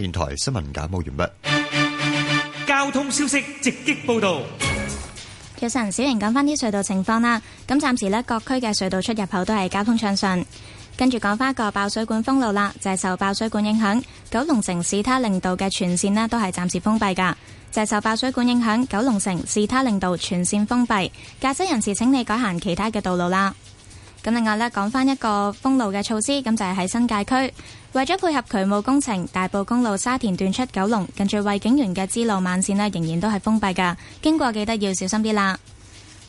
電台新聞簡報完畢。交通消息直擊報道。早晨，小瑩講翻啲隧道情況啦。咁暫時呢，各區嘅隧道出入口都係交通暢順。跟住講翻個爆水管封路啦。就係受爆水管影響，九龍城市他令道嘅全線呢都係暫時封閉噶。就係受爆水管影響，九龍城市他令道全線封閉。駕駛人士請你改行其他嘅道路啦。咁另外咧，講返一個封路嘅措施，咁就係、是、喺新界區，為咗配合渠務工程，大埔公路沙田段出九龍近住惠景園嘅支路慢線呢，仍然都係封閉噶，經過記得要小心啲啦。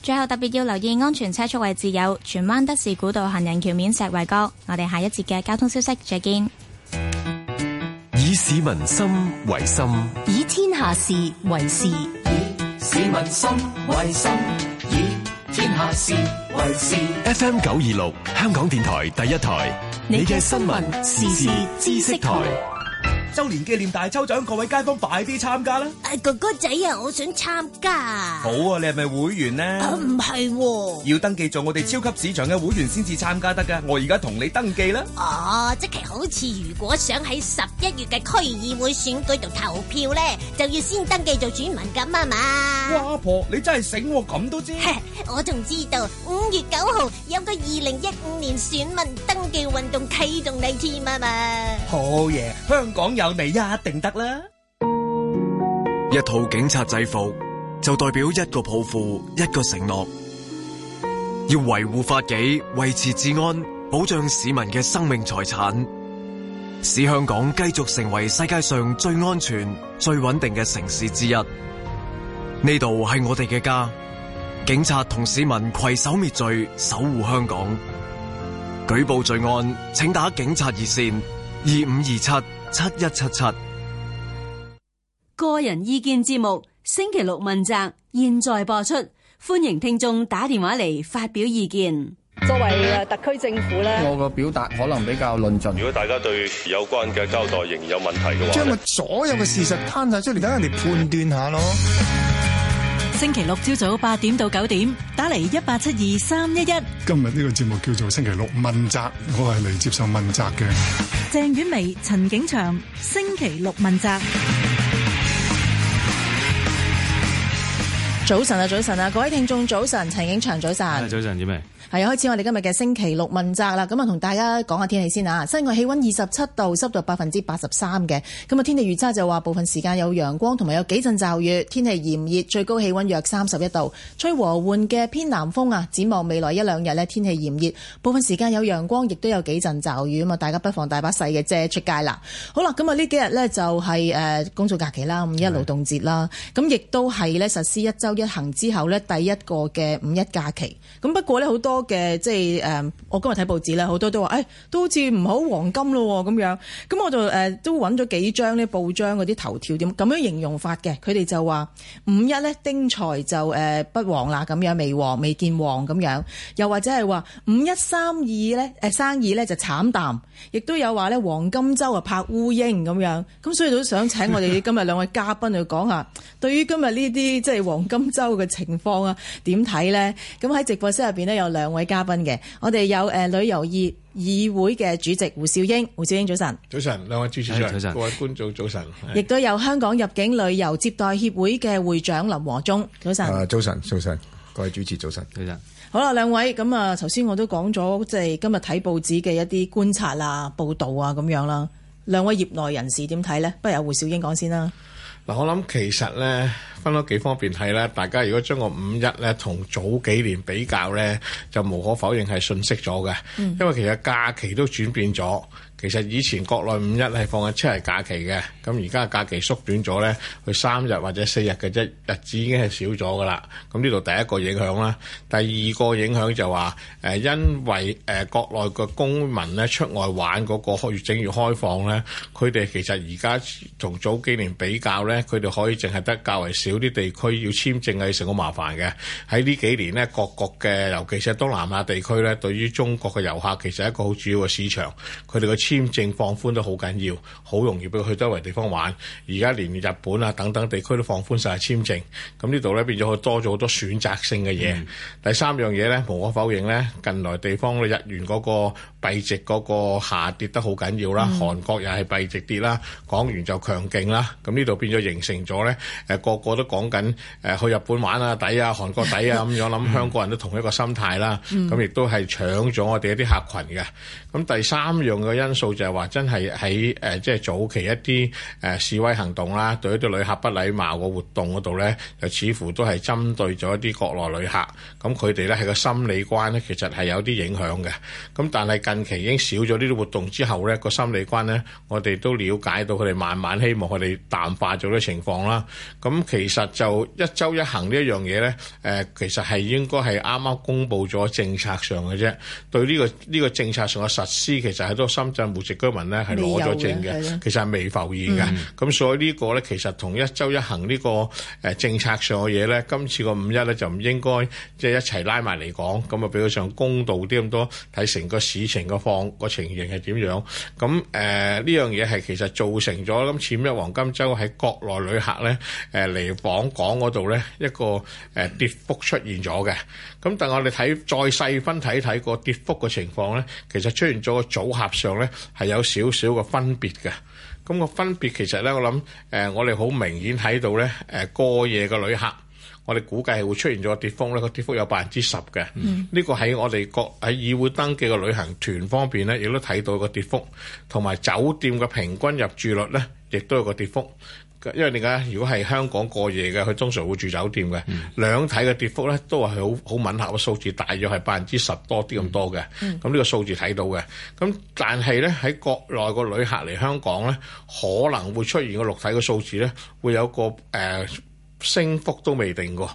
最後特別要留意安全車速位置有荃灣德士古道行人橋面石圍角。我哋下一節嘅交通消息再見。以心心以。以市民心為心，以天下事為事，以市民心為心。天下事，為事。FM 九二六，香港電台第一台，你嘅新聞時事知識台。周年紀念大抽獎，各位街坊快啲參加啦！哥哥仔啊，我想參加。好啊，你係咪會員呢？唔係，要登記做我哋超級市場嘅會員先至參加得㗎。我而家同你登記啦。哦，即係好似如果想喺十一月嘅區議會選舉度投票咧，就要先登記做選民咁啊嘛。哇，阿婆你真係醒，咁都知。我仲知道五月九號有個二零一五年選民登記運動啟動禮添啊嘛。好嘢，香港人。有你一定得啦！一套警察制服就代表一個抱負，一個承諾，要維護法紀，維持治安，保障市民嘅生命財產，使香港繼續成為世界上最安全、最穩定嘅城市之一。呢度係我哋嘅家，警察同市民携手滅罪，守護香港。舉報罪案，請打警察熱線二五二七。七一七七，7 7個人意見節目，星期六問責，現在播出，歡迎聽眾打電話嚟發表意見。作為特區政府咧，我嘅表達可能比較論盡。如果大家對有關嘅交代仍然有問題嘅話，將咪所有嘅事實攤晒出嚟，等人哋判斷下咯。星期六朝早八點到九點，打嚟，一八七二三一一。今日呢個節目叫做星期六問責，我係嚟接受問責嘅。鄭婉薇、陳景祥，星期六問責。早晨啊，早晨啊，各位聽眾早晨，陳景祥早晨。早晨，做咩？係啊，開始我哋今日嘅星期六問責啦。咁啊，同大家講下天氣先啊。室外氣溫二十七度，濕度百分之八十三嘅。咁啊，天氣預測就話部分時間有陽光，同埋有幾陣驟雨。天氣炎熱，最高氣溫約三十一度。吹和緩嘅偏南風啊。展望未來一兩日咧，天氣炎熱，部分時間有陽光，亦都有幾陣驟雨。咁啊，大家不妨帶把細嘅遮出街啦。好啦，咁啊呢幾日咧就係誒工作假期啦，五一勞動節啦。咁亦的都係咧實施一周一行之後咧，第一個嘅五一假期，咁不過咧好多嘅即係誒，我今日睇報紙咧，好多都話，誒都好似唔好黃金咯咁樣，咁我就誒、呃、都揾咗幾張呢報章嗰啲頭條，點咁樣，樣形容法嘅，佢哋就話五一咧丁財就誒不黃啦，咁樣未黃未見黃咁樣，又或者係話五一三二咧誒生意咧就慘淡，亦都有話咧黃金周啊拍烏蠅咁樣，咁所以都想請我哋今日兩位嘉賓去講下， 對於今日呢啲即係黃金。州嘅情況啊，點睇呢？咁喺直播室入邊呢，有兩位嘉賓嘅，我哋有誒旅遊業議會嘅主席胡兆英，胡兆英早晨，早晨，兩位主持早晨，各位觀眾早晨，亦都有香港入境旅遊接待協會嘅會長林和忠，早晨，早晨，早晨，早晨，各位主持早晨，早晨，早晨好啦，兩位咁啊，頭先我都講咗，即係今日睇報紙嘅一啲觀察啊、報導啊咁樣啦，兩位業內人士點睇呢？不如由胡兆英講先啦。嗱，我諗其實咧，分咗幾方面。係呢，大家如果將個五一咧同早幾年比較咧，就無可否認係遜色咗嘅，嗯、因為其實假期都轉變咗。其實以前國內五一係放緊七日假期嘅，咁而家假期縮短咗咧，佢三日或者四日嘅啫，日子已經係少咗噶啦。咁呢度第一個影響啦，第二個影響就話誒，因為誒國內嘅公民咧出外玩嗰個越整越開放咧，佢哋其實而家同早幾年比較咧，佢哋可以淨係得較為少啲地區要簽證，係成個麻煩嘅。喺呢幾年咧，各國嘅尤其是東南亞地區咧，對於中國嘅遊客其實係一個好主要嘅市場，佢哋嘅簽證放寬都好緊要，好容易畀佢去周圍地方玩。而家連日本啊等等地區都放寬晒簽證，咁呢度咧變咗佢多咗好多選擇性嘅嘢。嗯、第三樣嘢咧，無可否認咧，近來地方嘅日元嗰個幣值嗰個下跌得好緊要啦，嗯、韓國又係幣值跌啦，港元就強勁啦。咁呢度變咗形成咗咧，誒、呃、個個都講緊誒去日本玩啊抵啊，韓國抵啊咁、 嗯、樣，諗香港人都同一個心態啦，咁亦都係搶咗我哋一啲客群嘅。咁第三樣嘅因素。就就係話真係喺誒即係早期一啲誒、呃、示威行動啦，對一啲旅客不禮貌嘅活動嗰度咧，就似乎都係針對咗一啲國內旅客。咁佢哋咧，係個心理關咧，其實係有啲影響嘅。咁但係近期已經少咗呢啲活動之後咧，個心理關咧，我哋都了解到佢哋慢慢希望佢哋淡化咗啲情況啦。咁其實就一周一行呢一樣嘢咧，誒、呃、其實係應該係啱啱公布咗政策上嘅啫。對呢個呢個政策上嘅實施，其實喺度深圳無籍居民咧係攞咗證嘅，其實係未浮現嘅。咁所以呢個咧，其實同一週一行呢個誒政策上嘅嘢咧，今次個五一咧就唔應該即係一齊拉埋嚟講。咁啊，比較上公道啲咁多，睇成個市場個況個情形係點樣。咁誒呢樣嘢係其實造成咗咁，前一黃金週喺國內旅客咧誒嚟訪港嗰度咧一個誒跌幅出現咗嘅。咁但係我哋睇再細分睇睇個跌幅嘅情況咧，其實出現咗個組合上咧。係有少少個分別嘅，咁、那個分別其實咧，我諗誒、呃，我哋好明顯睇到咧，誒、呃、過夜嘅旅客，我哋估計係會出現咗個跌幅咧，個跌幅有百分之十嘅。嗯。呢個喺我哋個喺議會登記嘅旅行團方面咧，亦都睇到個跌幅，同埋酒店嘅平均入住率咧，亦都有個跌幅。因為點解？如果係香港過夜嘅，佢通常會住酒店嘅。嗯、兩體嘅跌幅咧，都係好好吻合嘅數字，大約係百分之十多啲咁多嘅。咁呢、嗯、個數字睇到嘅。咁但係咧喺國內個旅客嚟香港咧，可能會出現個六體嘅數字咧，會有個誒、呃、升幅都未定㗎，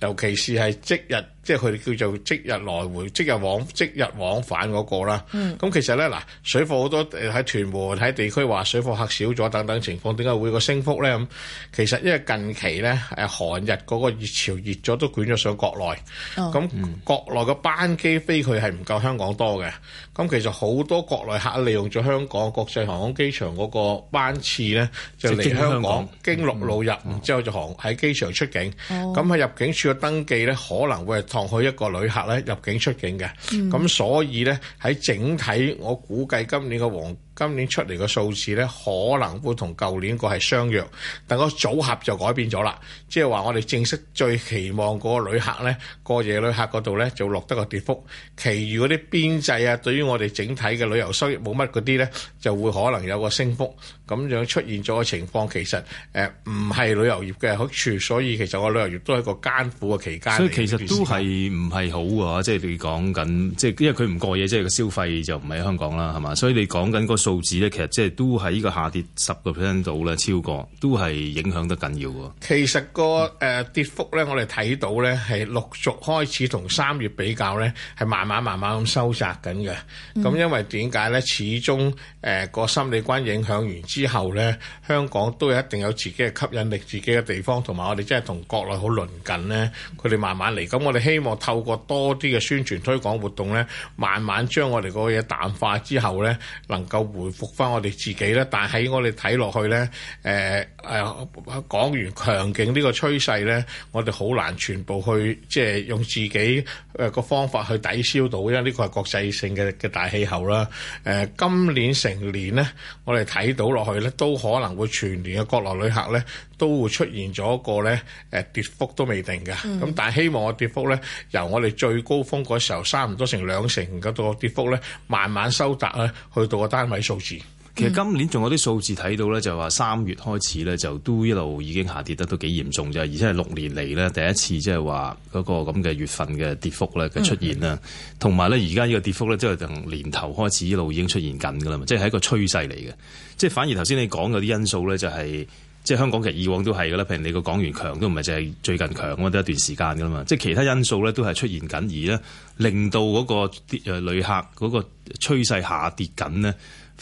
尤其是係即日。即係佢哋叫做即日來回、即日往、即日往返嗰、那個啦。咁、嗯、其實呢，嗱，水貨好多喺屯門、喺地區話水貨客少咗等等情況，點解會個升幅呢？咁其實因為近期呢，誒韓日嗰個熱潮熱咗都捲咗上國內。咁、哦、國內嘅班機飛去係唔夠香港多嘅。咁其實好多國內客利用咗香港國際航空機場嗰個班次呢，就嚟香港，香港經陸路入，嗯、之後就航喺機場出境。咁喺、哦、入境處嘅登記呢，可能會係。放去一個旅客咧入境出境嘅，咁、嗯、所以咧喺整體，我估計今年嘅黃。今年出嚟個數字咧，可能會同舊年個係相約，但個組合就改變咗啦。即係話我哋正式最期望個旅客咧，過夜旅客嗰度咧就落得個跌幅，其餘嗰啲邊際啊，對於我哋整體嘅旅遊收益冇乜嗰啲咧，就會可能有個升幅咁樣出現咗嘅情況。其實誒唔係旅遊業嘅好處，所以其實我旅遊業都係一個艱苦嘅期間，所以其實都係唔係好啊，即係你講緊即係因為佢唔過夜，即係個消費就唔喺香港啦，係嘛？所以你講緊個。數字咧，其實即係都喺依個下跌十個 percent 度咧，超過都係影響得緊要喎。其實個誒跌幅咧，我哋睇到咧係陸續開始同三月比較咧，係慢慢慢慢咁收窄緊嘅。咁因為點解咧？始終誒個、呃、心理關影響完之後咧，香港都有一定有自己嘅吸引力、自己嘅地方，同埋我哋真係同國內好鄰近咧。佢哋慢慢嚟，咁我哋希望透過多啲嘅宣傳推廣活動咧，慢慢將我哋個嘢淡化之後咧，能夠，回復翻我哋自己咧，但係我哋睇落去咧，誒誒講完強勁呢個趨勢咧，我哋好難全部去即係用自己誒個方法去抵消到，因為呢個係國際性嘅嘅大氣候啦。誒今年成年咧，我哋睇到落去咧，都可能會全年嘅國內旅客咧都會出現咗一個咧誒跌幅都未定嘅。咁、嗯、但係希望個跌幅咧，由我哋最高峰時候差唔多成兩成度個跌幅咧，慢慢收窄咧，去到個單位。數字其實今年仲有啲數字睇到咧，就話三月開始咧就都一路已經下跌得都幾嚴重啫，而且係六年嚟咧第一次即係話嗰個咁嘅月份嘅跌幅咧嘅出現啦，同埋咧而家呢個跌幅咧即係從年頭開始一路已經出現緊噶啦嘛，即係係一個趨勢嚟嘅。即係反而頭先你講嗰啲因素咧、就是，就係即係香港其實以往都係噶啦，譬如你個港元強都唔係淨係最近強啊，一段時間噶啦嘛。即係其他因素咧都係出現緊，而咧令到嗰、嗰個誒旅、呃、客嗰個趨勢下跌緊呢。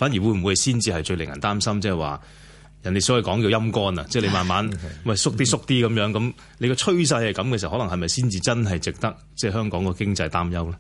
反而會唔會先至係最令人擔心，即係話人哋所謂講叫陰乾啊，即係你慢慢咪 縮啲縮啲咁樣咁，你個趨勢係咁嘅時候，可能係咪先至真係值得即係香港個經濟擔憂咧？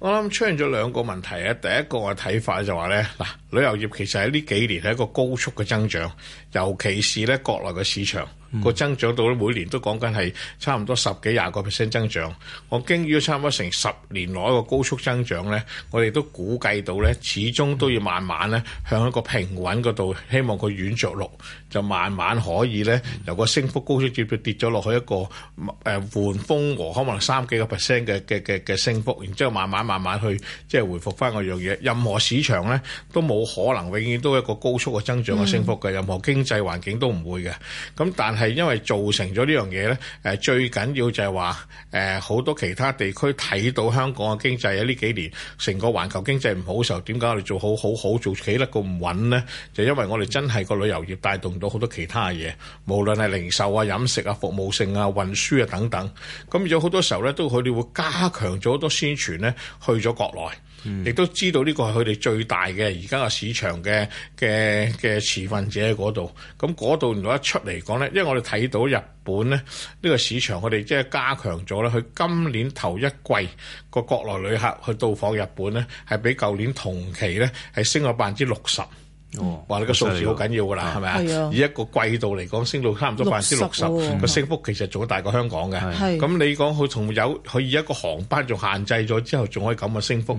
我諗出現咗兩個問題啊，第一個嘅睇法就話咧嗱。旅遊業其實喺呢幾年係一個高速嘅增長，尤其是咧國內嘅市場個、嗯、增長到咧每年都講緊係差唔多十幾廿個 percent 增長，我經於差唔多成十年來一個高速增長咧，我哋都估計到咧，始終都要慢慢咧向一個平穩嗰度，希望佢軟着陸，就慢慢可以咧由個升幅高速接跌咗跌咗落去一個誒緩風和，可能三幾個 percent 嘅嘅嘅嘅升幅，然之後慢慢慢慢去即係、就是、回復翻嗰樣嘢。任何市場咧都冇，冇可能永遠都一個高速嘅增長嘅升幅嘅，任何經濟環境都唔會嘅。咁但係因為造成咗呢樣嘢呢，最緊要就係話誒好多其他地區睇到香港嘅經濟喺呢幾年成個環球經濟唔好嘅時候，點解我哋做好好好做起得咁穩呢？就因為我哋真係個旅遊業帶動到好多其他嘢，無論係零售啊、飲食啊、服務性啊、運輸啊等等。咁有好多時候呢，都佢哋會加強咗好多宣傳呢，去咗國內。亦、嗯、都知道呢個係佢哋最大嘅而家個市場嘅嘅嘅持份者喺嗰度，咁嗰度如果一出嚟講咧，因為我哋睇到日本咧呢、呢個市場，佢哋即係加強咗咧，佢今年頭一季個國內旅客去到訪日本咧，係比舊年同期咧係升咗百分之六十。話你、哦哦、個數字好緊要㗎啦，係咪、這個、吧啊？以一個季度嚟講，升到差唔多百分之六十，個、哦嗯、升幅其實仲大過香港嘅。咁的你講佢同有，佢以一個航班仲限制咗之後，仲可以咁嘅升幅。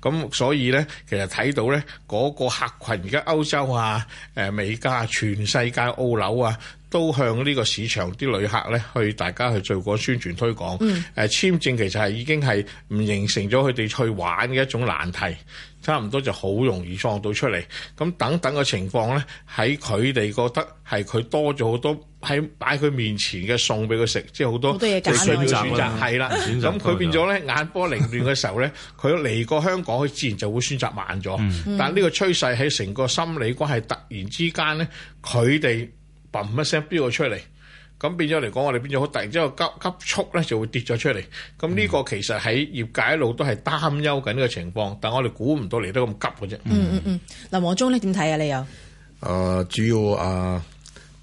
咁、嗯、所以咧，其實睇到咧，嗰、那個客群而家歐洲啊、呃、美加啊、全世界澳紐啊，都向呢個市場啲旅客咧，去大家去做過宣傳推廣。誒簽、嗯呃、證其實係已經係唔形成咗佢哋去玩嘅一種難題。差唔多就好容易撞到出嚟，咁等等嘅情況咧，喺佢哋覺得係佢多咗好多喺擺佢面前嘅餸俾佢食，即係好多嘅選擇，係啦。咁佢變咗咧眼波凌亂嘅時候咧，佢嚟過香港，佢 自然就會選擇慢咗。嗯、但呢個趨勢喺成個心理關係突然之間咧，佢哋嘭一聲飆咗出嚟。咁變咗嚟講，我哋變咗好突然，之後急急速咧，就會跌咗出嚟。咁呢個其實喺業界一路都係擔憂緊呢個情況，但我哋估唔到嚟得咁急嘅啫。嗯嗯嗯，林和忠你點睇啊？你又？誒，主要啊，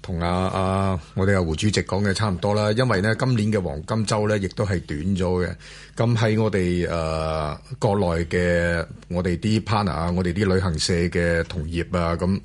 同啊啊，我哋阿胡主席講嘅差唔多啦。因為咧，今年嘅黃金周咧，亦都係短咗嘅。咁喺我哋誒國內嘅我哋啲 partner 啊，我哋啲旅行社嘅同業啊，咁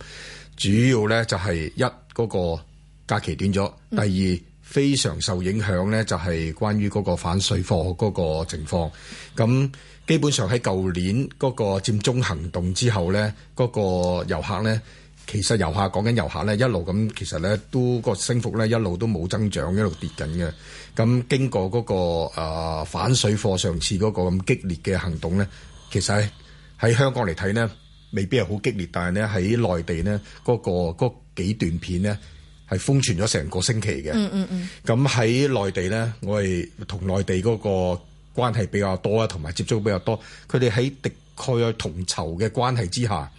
主要咧就係一嗰個。假期短咗，第二非常受影響咧，就係關於嗰個反水貨嗰個情況。咁基本上喺舊年嗰個佔中行動之後咧，嗰個遊客咧，其實遊客講緊遊客咧，一路咁其實咧都個升幅咧一路都冇增長，一路跌緊嘅。咁經過嗰個誒反水貨上次嗰個咁激烈嘅行動咧，其實喺喺香港嚟睇咧，未必係好激烈，但係咧喺內地咧嗰個嗰幾段片咧。係封存咗成個星期嘅，咁喺、嗯嗯嗯、內地咧，我哋同內地嗰個關係比較多啊，同埋接觸比較多。佢哋喺敵愾同仇嘅關係之下，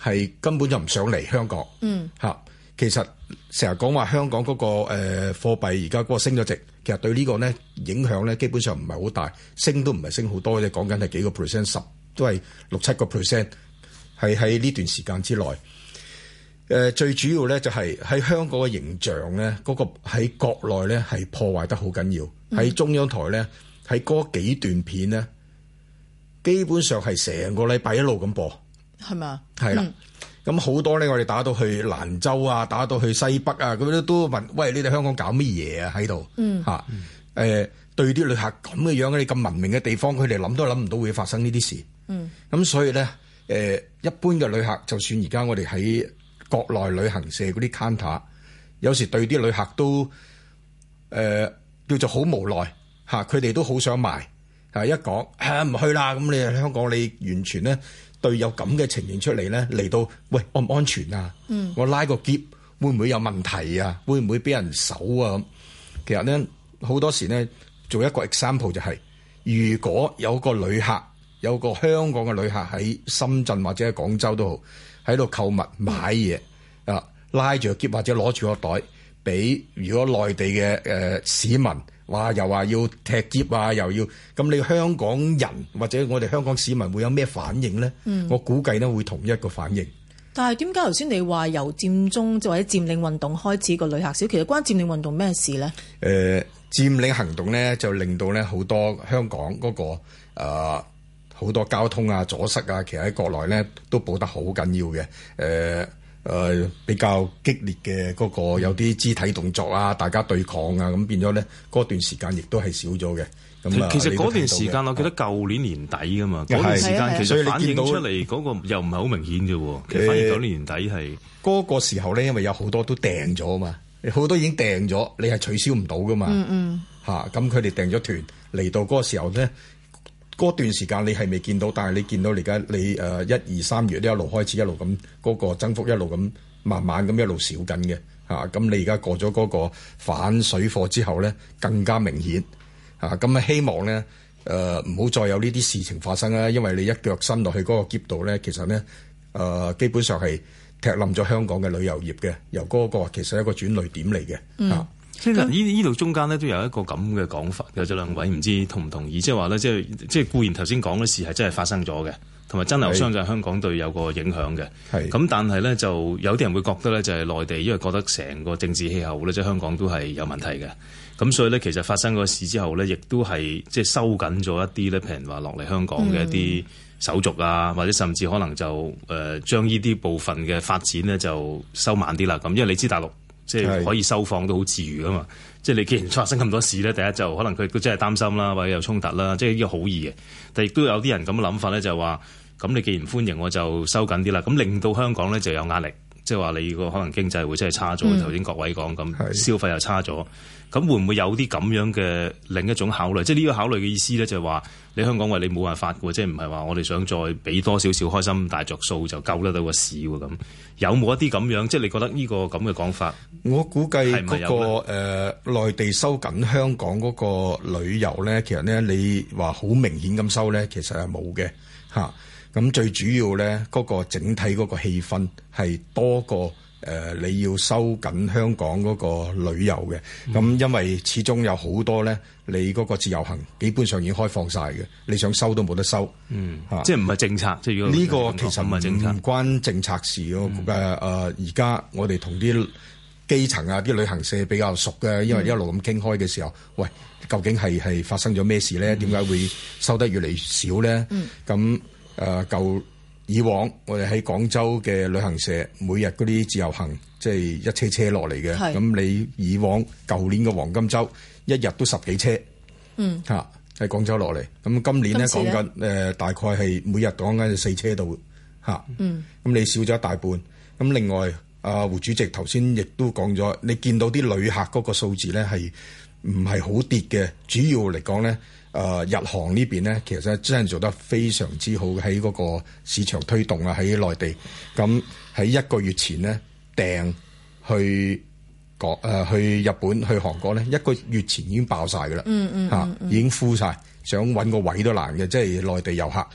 係根本就唔想嚟香港。嗯，其實成日講話香港嗰、那個誒、呃、貨幣而家嗰個升咗值，其實對個呢個咧影響咧，基本上唔係好大，升都唔係升好多啫。你講緊係幾個 percent，十都係六七個 percent，係喺呢段時間之內。誒最主要咧就係喺香港嘅形象咧，嗰、那個喺國內咧係破壞得好緊要。喺、嗯、中央台咧，喺嗰幾段片咧，基本上係成個禮拜一路咁播，係嘛？係啦，咁好多咧，我哋打到去蘭州啊，打到去西北啊，咁都都問，喂，你哋香港搞乜嘢啊？喺度，嗯、啊，嚇，誒，對啲旅客咁嘅樣，你咁文明嘅地方，佢哋諗都諗唔到會發生呢啲事，嗯，咁所以咧，誒，一般嘅旅客，就算而家我哋喺國內旅行社嗰啲 counter，有時對啲旅客都誒、呃、叫做好無奈嚇，佢哋都好想賣嚇，一講嚇唔去啦，咁你香港你完全咧對有咁嘅情形出嚟咧，嚟到喂，安唔安全啊？我拉個喼會唔會有問題啊？會唔會俾人搜啊？咁其實咧好多時咧做一個 example 就係、是，如果有一個旅客，有個香港嘅旅客喺深圳或者喺廣州都好。喺度購物買嘢啊，拉住個篋或者攞住個袋，俾如果內地嘅誒、呃、市民，話又話要踢篋啊，又要咁你香港人或者我哋香港市民會有咩反應咧？嗯、我估計咧會同一個反應。但係點解頭先你話由佔中或者佔領運動開始個旅客少，其實關佔領運動咩事咧？誒、呃，佔領行動咧就令到咧好多香港嗰、那個、呃好多交通啊、阻塞啊，其實喺國內咧都保得好緊要嘅。誒誒，比較激烈嘅嗰個有啲肢體動作啊，大家對抗啊，咁變咗咧嗰段時間亦都係少咗嘅。咁其實嗰段時間，我記得舊年年底㗎嘛，嗰段時間其實反映到出嚟嗰個又唔係好明顯啫喎。其實反映到舊年年底係嗰個時候咧，因為有好多都訂咗嘛，好多已經訂咗，你係取消唔到噶嘛。嗯嗯。嚇！咁佢哋訂咗團嚟到嗰個時候咧。嗰段時間你係未見到，但係你見到而家你誒一二三月都一路開始一路咁嗰個增幅一路咁慢慢咁一路少緊嘅嚇。咁、啊、你而家過咗嗰個反水貨之後咧，更加明顯嚇。咁啊，希望咧誒唔好再有呢啲事情發生啦，因為你一腳伸落去嗰個喼度咧，其實咧誒、呃、基本上係踢冧咗香港嘅旅遊業嘅，由嗰個其實係一個轉捩點嚟嘅。啊嗯呢呢度中間咧，都有一個咁嘅講法，有咗兩位唔知同唔同意？即係話咧，即係即係固然頭先講嘅事係真係發生咗嘅，同埋真流相就香港對有個影響嘅。係咁是，但係咧就有啲人會覺得咧，就係內地，因為覺得成個政治氣候咧，即係香港都係有問題嘅。咁所以咧，其實發生個事之後咧，亦都係即係收緊咗一啲咧，譬如話落嚟香港嘅一啲手續啊，嗯、或者甚至可能就誒、呃、將呢啲部分嘅發展咧就收慢啲啦。咁因為你知大陸。即係可以收放都好自如噶嘛，即係你既然發生咁多事咧，第一就可能佢都真係擔心啦，或者有衝突啦，即係呢個好易嘅。但亦都有啲人咁嘅諗法咧，就話咁你既然歡迎，我就收緊啲啦，咁令到香港咧就有壓力，即係話你個可能經濟會真係差咗。頭先、嗯、各位講咁，消費又差咗。咁會唔會有啲咁樣嘅另一種考慮？即係呢個考慮嘅意思咧，就係話你香港為你冇辦法喎，即係唔係話我哋想再俾多少少開心，大着數就救得到個市喎？咁有冇一啲咁樣？即係你覺得呢、這個咁嘅講法？我估計嗰、那個誒、那個呃、內地收緊香港嗰個旅遊咧，其實咧你話好明顯咁收咧，其實係冇嘅嚇。咁、啊、最主要咧，嗰、那個整體嗰個氣氛係多過。誒、呃，你要收緊香港嗰個旅遊嘅，咁因為始終有好多咧，你嗰個自由行基本上已經開放晒嘅，你想收都冇得收。嗯，嚇，即係唔係政策？啊、即係呢個其實唔係政策，唔關政策事咯。誒誒、嗯，而家、啊呃、我哋同啲基層啊、啲旅行社比較熟嘅，因為一路咁傾開嘅時候，嗯、喂，究竟係係發生咗咩事咧？點解會收得越嚟越少咧？咁誒舊。以往我哋喺廣州嘅旅行社，每日嗰啲自由行，即係一車車落嚟嘅。咁是你以往舊年嘅黃金周，一日都十幾車，嗯，喺廣州落嚟。咁今年咧講緊誒，大概係每日講緊四車度吓，嗯，咁你少咗一大半。咁另外阿，胡主席頭先亦都講咗，你見到啲旅客嗰個數字咧係唔係好跌嘅主要嚟講咧，誒、呃、日航呢邊咧，其實真係做得非常之好，喺嗰個市場推動啊，喺內地。咁喺一個月前咧，訂去港、呃、去日本、去韓國咧，一個月前已經爆晒噶啦，已經枯晒，想搵個位都難嘅，即係內地遊客。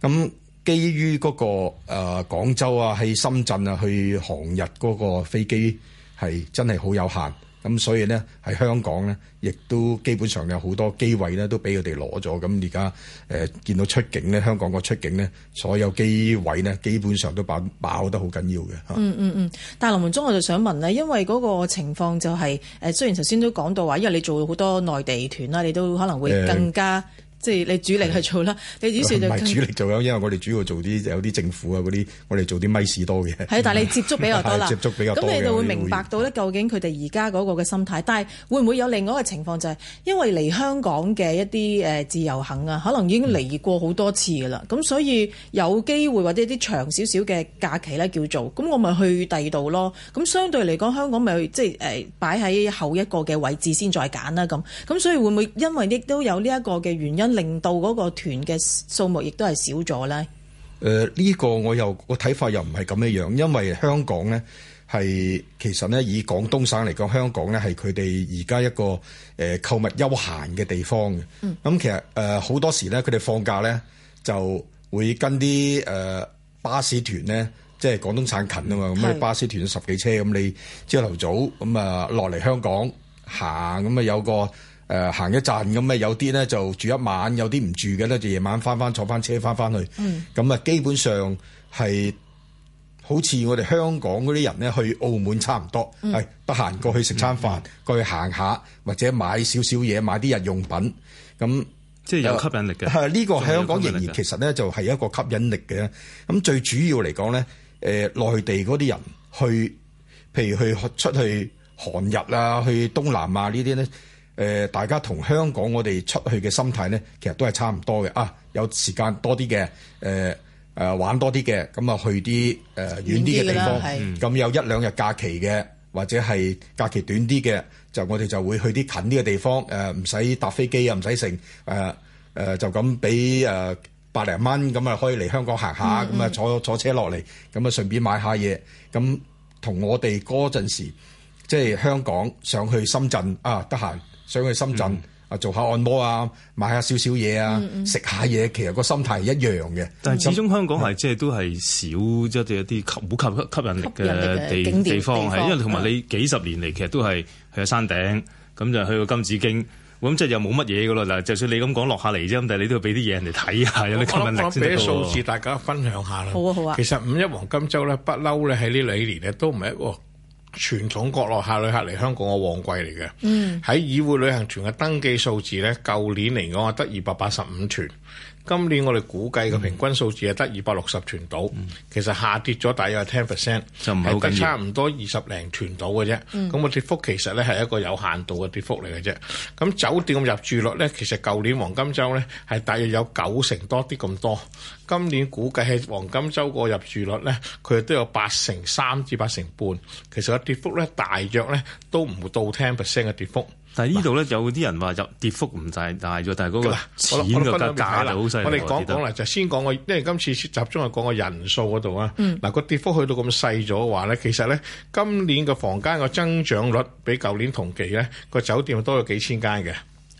咁基於嗰、嗰個誒、呃、廣州啊，喺深圳啊，去韓日嗰個飛機係真係好有限。咁所以呢，喺香港呢，亦都基本上有好多機位呢都俾佢哋攞咗。咁而家誒見到出境呢，香港個出境呢，所有機位呢基本上都把爆，爆得好緊要嘅、嗯。嗯嗯嗯，但係林和忠我就想問呢，因為嗰個情況就係、是、誒，雖然頭先都講到話，因為你做好多內地團啦，你都可能會更加、呃。即係你主力去做啦，的你於是就唔係主力做咯，因為我哋主要做啲有啲政府啊嗰啲，我哋做啲咪士多嘅。係，但係你接觸比較多啦，的接觸比較多，咁你就會明白到咧究竟佢哋而家嗰個嘅心態。的但係會唔會有另外一個情況就係、是，因為嚟香港嘅一啲誒自由行啊，可能已經嚟過好多次㗎啦，咁所以有機會或者啲長少少嘅假期咧叫做，咁我咪去第二度咯。咁相對嚟講，香港咪即係誒擺喺後一個嘅位置先再揀啦咁。咁所以會唔會因為亦都有呢一個嘅原因？令到嗰個團嘅數目亦都係少咗咧。誒呢、呃這個我又個睇法又唔係咁嘅樣，因為香港咧係其實咧以廣東省嚟講，香港咧係佢哋而家一個誒、呃、購物休閒嘅地方嘅。咁、嗯嗯、其實誒好、呃、多時咧，佢哋放假咧就會跟啲誒、呃、巴士團咧，即係廣東省近啊嘛。咁啲、嗯、巴士團十幾車，咁你朝頭早咁啊落嚟香港行，咁啊有個。誒、呃，行一陣咁啊，有啲咧就住一晚，有啲唔住嘅咧就夜晚返返坐返車返返去。嗯，咁啊，基本上係好似我哋香港嗰啲人咧去澳門差唔多，係得閒過去食餐飯，嗯嗯過去行下或者買少少嘢，買啲日用品。咁、嗯、即係有吸引力嘅。呢、呃這個喺香港仍然其實咧就係、是、一個吸引力嘅。咁、嗯嗯、最主要嚟講咧，誒、呃，內地嗰啲人去，譬如去出去韓日啊，去東南亞、啊、呢啲咧。呃、大家同香港我哋出去嘅心態呢，其實都係差唔多嘅啊。有時間多啲嘅、呃，玩多啲嘅，咁啊去啲、呃、遠啲嘅地方。咁有一兩日假期嘅，或者係假期短啲嘅，就我哋就會去啲近啲嘅地方。唔、呃、使搭飛機啊，唔使乘，就咁俾誒百零蚊咁啊，呃、可以嚟香港行下咁啊、嗯嗯，坐坐車落嚟咁啊，順便買下嘢咁。同我哋嗰陣時，即係香港上去深圳啊，得閒。想去深圳啊，嗯、做下按摩啊，買下少少嘢啊，食、嗯、下嘢。其實個心態一樣嘅。嗯、但始終香港係即係都係少即啲有啲好吸吸引力嘅地力地方係是因為同埋你幾十年嚟其實都係去咗山頂，咁就去個金紫荊，咁即係又冇乜嘢噶喇。嗱，就算你咁講落下嚟啫，但你都要俾啲嘢人哋睇下，有啲吸引力先俾數字大家分享下啦、啊。好啊好啊。其實五一黃金周咧，不嬲咧喺呢兩年咧都唔係傳統國內客旅客嚟香港嘅旺季嚟嘅，喺議會旅行團嘅登記數字咧，舊年嚟講啊得二百八十五團。今年我哋估計嘅平均數字係得二百六十團到，其實下跌咗大約 ten percent，係差唔多二十零團到嘅啫。咁個跌幅其實咧係一個有限度嘅跌幅嚟嘅啫。咁酒店入住率咧，其實舊年黃金週咧係大約有九成多啲咁多，今年估計係黃金週個入住率咧，佢都有八成三至八成半，其實個跌幅咧大約咧都唔會到 ten percent 嘅跌幅。但係呢度咧有啲人話就跌幅唔大大咗，但係嗰個錢嘅價就好細，我哋講講嚟就先講個，因為今次集中係講個人數嗰度啊。嗯。嗱個跌幅去到咁細咗嘅話咧，其實咧今年嘅房間個增長率比舊年同期咧個酒店多咗幾千間嘅。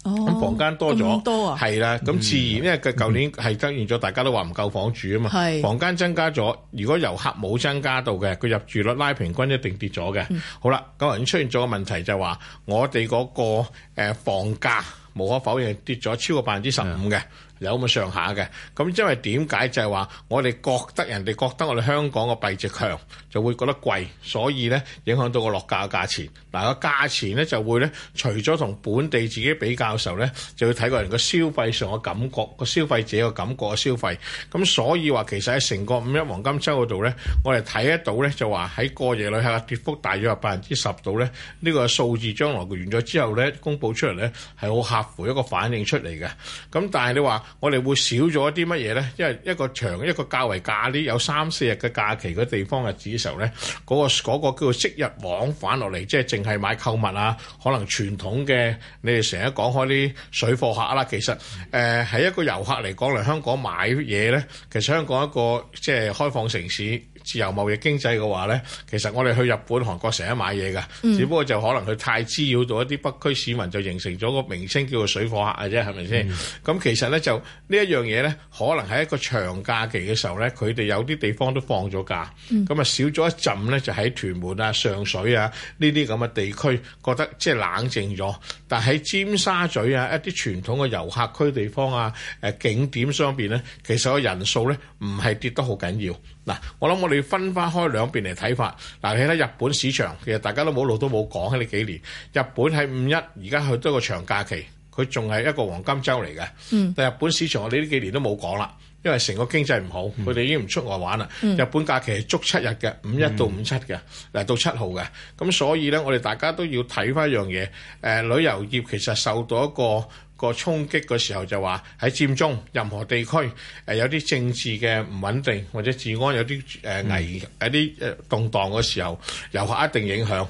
咁房間多咗，哦、多啊，係啦，咁自然、嗯、因為佢舊年係出現咗大家都話唔夠房住啊嘛，的房間增加咗，如果遊客冇增加到嘅，佢入住率拉平均一定跌咗嘅。嗯、好啦，咁人出現咗個問題就係話，我哋嗰個誒房價無可否認跌咗超過百分之十五嘅。有咁上下嘅，咁因為點解就係話我哋覺得人哋覺得我哋香港嘅幣值強，就會覺得貴，所以咧影響到個落價嘅價錢。嗱個價錢咧就會咧，除咗同本地自己比較嘅時候咧，就要睇個人個消費上嘅感覺，個消費者嘅感覺嘅消費。咁所以話其實喺成個五一黃金周嗰度咧，我哋睇得到咧，就話喺過夜旅客跌幅大約係百分之十度咧，呢個數字將來完咗之後咧，公布出嚟咧係好合乎一個反應出嚟嘅。咁但係你話，我哋會少咗一啲乜嘢咧？因為一個長一個較為假啲，有三四日嘅假期嘅地方嘅時候咧，嗰、嗰個嗰、嗰個、叫做即日往返落嚟，即係淨係買購物啊。可能傳統嘅你哋成日講開啲水貨客啦，其實誒喺、呃、一個遊客嚟講嚟香港買嘢咧，其實香港一個即係開放城市。自由貿易經濟嘅話咧，其實我哋去日本、韓國成日買嘢㗎，嗯、只不過就可能佢太滋擾到一啲北區市民，就形成咗個名稱叫做水貨客啊，啫，係咪先？咁其實咧就呢一樣嘢咧，可能喺一個長假期嘅時候咧，佢哋有啲地方都放咗假，咁啊、嗯、少咗一陣咧，就喺屯門啊、上水啊呢啲咁嘅地區覺得即係冷靜咗，但喺尖沙咀啊一啲傳統嘅遊客區地方啊，啊景點上面咧，其實個人數咧唔係跌得好緊要。嗱，我諗我哋分返開兩邊嚟睇法。嗱，你睇日本市場，其實大家都冇路都冇講喺呢幾年。日本喺五一而家去多一個長假期，佢仲係一個黃金周嚟嘅。嗯、但日本市場我哋呢幾年都冇講啦，因為成個經濟唔好，佢哋已經唔出外玩啦。嗯、日本假期係足七日嘅，五一到五七嘅，嗱、嗯、到七號嘅。咁所以咧，我哋大家都要睇翻一樣嘢、呃，旅遊業其實受到一個個衝擊嘅時候，就話喺佔中任何地區誒、呃、有啲政治嘅唔穩定，或者治安有啲誒危有啲誒動盪嘅時候，遊客一定影響。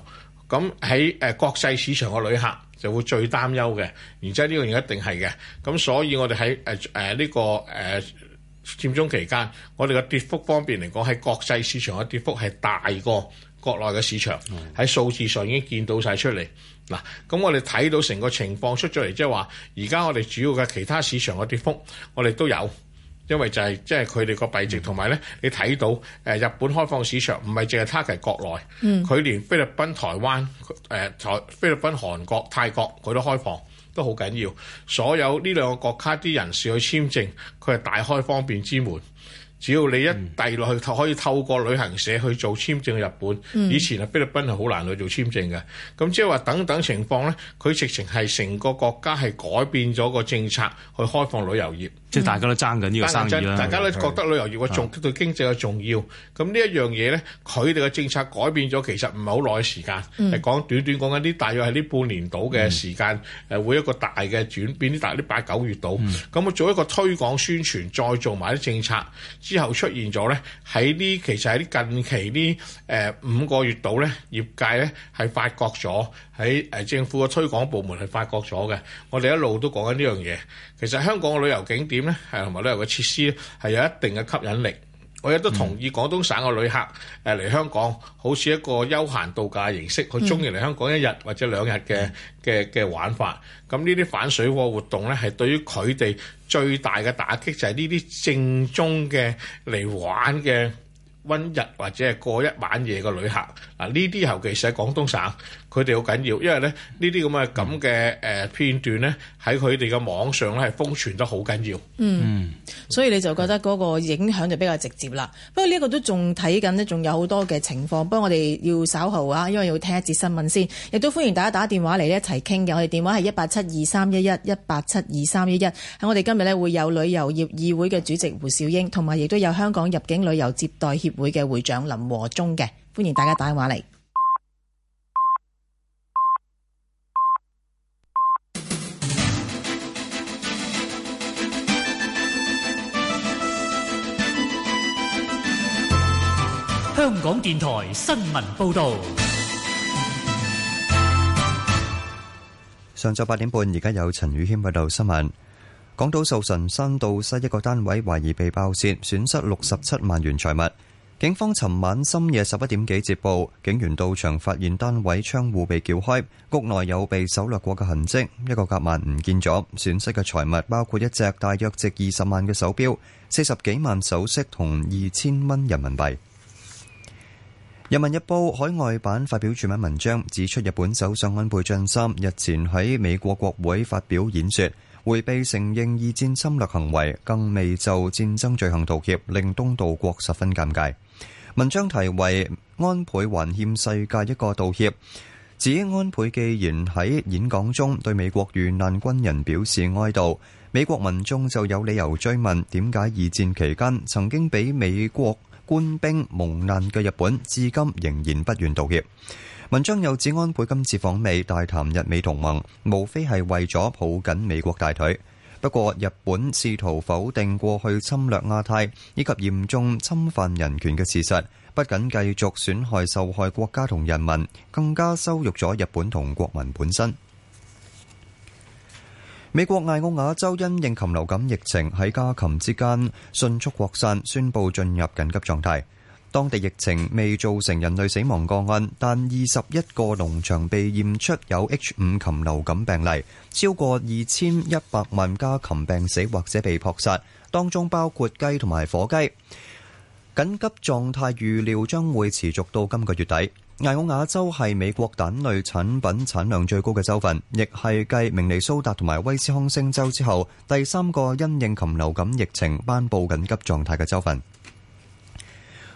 咁喺誒國際市場嘅旅客就會最擔憂嘅，而家呢個一定係嘅。咁所以我哋喺誒誒呢個誒、呃、佔中期間，我哋嘅跌幅方面嚟講，喺國際市場嘅跌幅係大過國內嘅市場，喺、嗯、數字上已經見到晒出嚟。嗱，咁我哋睇到成個情況出咗嚟，即係話，而家我哋主要嘅其他市場嘅跌幅，我哋都有，因為就係即係佢哋個幣值，同埋咧，你睇到誒日本開放市場，唔係淨係 target 國內，佢、嗯、連菲律賓、台灣、台、呃、菲律賓、韓國、泰國佢都開放，都好緊要。所有呢兩個國家啲人士去簽證，佢係大開方便之門。只要你一遞落去，嗯、可以透過旅行社去做簽證去日本。嗯、以前啊，菲律賓係好難去做簽證嘅。咁即係話等等情況咧，佢直情係成個國家係改變咗個政策去開放旅遊業。即係、嗯、大家都爭緊呢個生意，大家都覺得旅遊業嘅重要對、啊、經濟嘅重要。咁呢一樣嘢咧，佢哋嘅政策改變咗，其實唔係好耐時間，係講、嗯、短短講緊啲，大約係呢半年度嘅時間，誒會一個大嘅轉變。啲大呢八九月度，咁我做一個推廣宣傳，再做埋啲政策。之後出現咗呢，喺呢其實喺近期呢誒五個月度呢，業界呢係發覺咗喺誒政府嘅推廣部門係發覺咗嘅。我哋一路都講緊呢樣嘢。其實香港嘅旅遊景點呢，係同埋旅遊嘅設施呢，係有一定嘅吸引力。我亦都同意廣東省嘅旅客誒嚟香港，好似一個休閒度假形式，佢鍾意嚟香港一日或者兩日嘅嘅嘅玩法。咁呢啲反水貨活動呢，係對於佢哋最大嘅打擊，就係呢啲正宗嘅嚟玩嘅溫日或者係過一晚夜嘅旅客。嗱，呢啲尤其是喺廣東省。佢哋好緊要，因為咧呢啲咁嘅咁嘅誒片段咧，喺佢哋嘅網上咧係瘋傳得好緊要。嗯，所以你就覺得嗰個影響就比較直接啦。不過呢一個都仲睇緊咧，仲有好多嘅情況。不過我哋要稍後啊，因為要聽一節新聞先。亦都歡迎大家打電話嚟一齊傾嘅。我哋電話係一八七二三一一一八七二三一一。喺我哋今日咧會有旅遊業議會嘅主席胡兆英，同埋亦都有香港入境旅遊接待協會嘅會長林和忠嘅。歡迎大家打電話嚟。香港電台新聞報道：上晝八點半，而家有陳宇謙報道新聞。港島壽臣山道西一個單位懷疑被爆竊，損失六十七萬元財物。警方尋晚深夜十一點幾接報，警員到場發現單位窗戶被撬開，屋內有被搜掠過嘅痕跡。一個夾萬唔見咗，損失嘅財物包括一隻大約值二十萬嘅手錶、四十幾萬首飾同二千蚊人民幣。《人民日報》海外版發表署名文章，指出日本首相安倍晉三日前喺美國國會發表演說，迴避承認二戰侵略行為，更未就戰爭罪行道歉，令東道國十分尷尬。文章題為《安倍還欠世界一個道歉》，指安倍既然喺演講中對美國遇難軍人表示哀悼，美國民眾就有理由追問點解二戰期間曾經俾美國官兵蒙難嘅日本至今仍然不願道歉。文章又指，安倍今次訪美大談日美同盟，無非係為咗抱緊美國大腿。不過，日本試圖否定過去侵略亞太以及嚴重侵犯人權嘅事實，不僅繼續損害受害國家同人民，更加羞辱咗日本同國民本身。美國艾奧瓦州因應禽流感疫情喺家禽之間迅速擴散，宣布進入緊急狀態。當地疫情未造成人類死亡個案，但二十一個農場被驗出有 H 五禽流感病例，超過二千一百萬家禽病死或者被撲殺，當中包括雞同埋火雞。緊急狀態預料將會持續到今個月底。艾奧瓦州係美國蛋類產品產量最高嘅州份，亦係繼明尼蘇達同埋威斯康星州之後第三個因應禽流感疫情頒布緊急狀態嘅州份。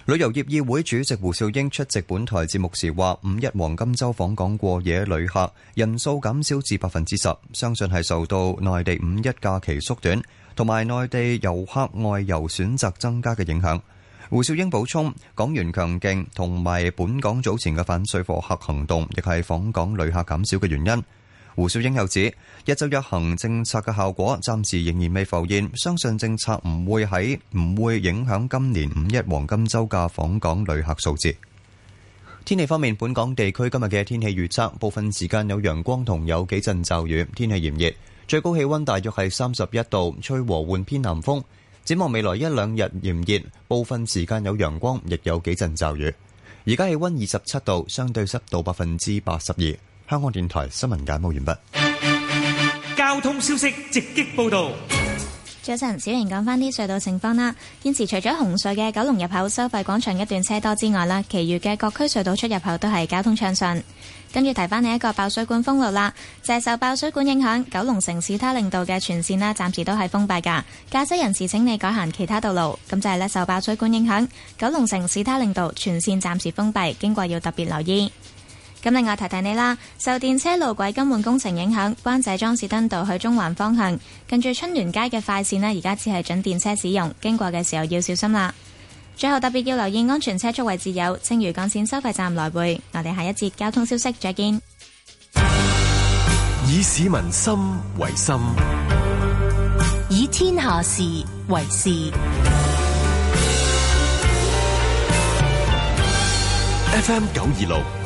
旅遊業議會主席胡兆英出席本台節目時話：五一黃金周訪港過夜旅客人數減少至百分之十，相信係受到內地五一假期縮短同埋內地遊客外遊選擇增加嘅影響。胡兆英補充，港元強勁同埋本港早前嘅反水貨客行動，亦係訪港旅客減少嘅原因。胡兆英又指，一周一行政策嘅效果暫時仍然未浮現，相信政策唔會喺唔會影響今年五一黃金周嘅訪港旅客數字。天氣方面，本港地區今日嘅天氣預測，部分時間有陽光同有幾陣驟雨，天氣炎熱，最高氣溫大約係三十一度，吹和緩偏南風。展望未來一兩日炎熱，部分時間有陽光，亦有幾陣驟雨。而家氣溫二十七度，相對濕度百分之八十二。香港電台新聞解報完畢。交通消息直擊報導。早晨，小瑩講返啲隧道情況啦。現時除咗紅隧嘅九龍入口收費廣場一段車多之外啦，其餘嘅各區隧道出入口都係交通暢順。跟住提翻你一個爆水管封路啦。借、就係，受爆水管影響，九龍城士他令道嘅全線啦，暫時都係封閉噶。駕駛人士請你改行其他道路。咁就係咧，受爆水管影響，九龍城士他令道全線暫時封閉，經過要特別留意。咁，另外提提你啦。受電車路軌更換工程影響，灣仔莊士敦道去中環方向，近住春園街嘅快線呢，而家只係准電車使用，經過嘅時候要小心啦。最後特別要留意安全車速位置有青嶼幹線收費站來回。我哋下一節交通消息再見。以市民心為心，以天下事為事。FM 九二六。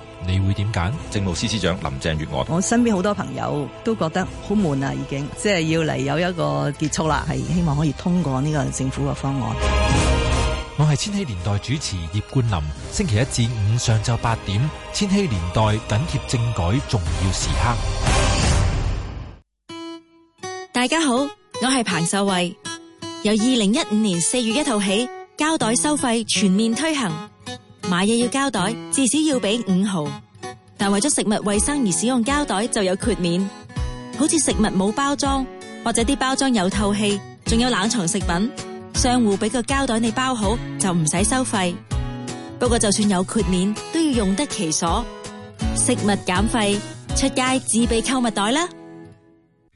你會點揀？政務司司長林鄭月娥，我身邊好多朋友都覺得好悶啊，已經即係要嚟有一個結束啦，係希望可以通過呢個政府嘅方案。我係千禧年代主持葉冠霖，星期一至五上晝八點，千禧年代緊貼政改重要時刻。大家好，我係彭秀慧。由二零一五年四月一號起，膠袋收費全面推行。買嘢要膠袋，至少要俾五毫。但為咗食物衛生而使用膠袋就有豁免，好似食物冇包裝或者啲包裝有透氣，仲有冷藏食品，商戶俾個膠袋你包好就唔使收費。不過就算有豁免，都要用得其所。食物減費，出街自備購物袋啦。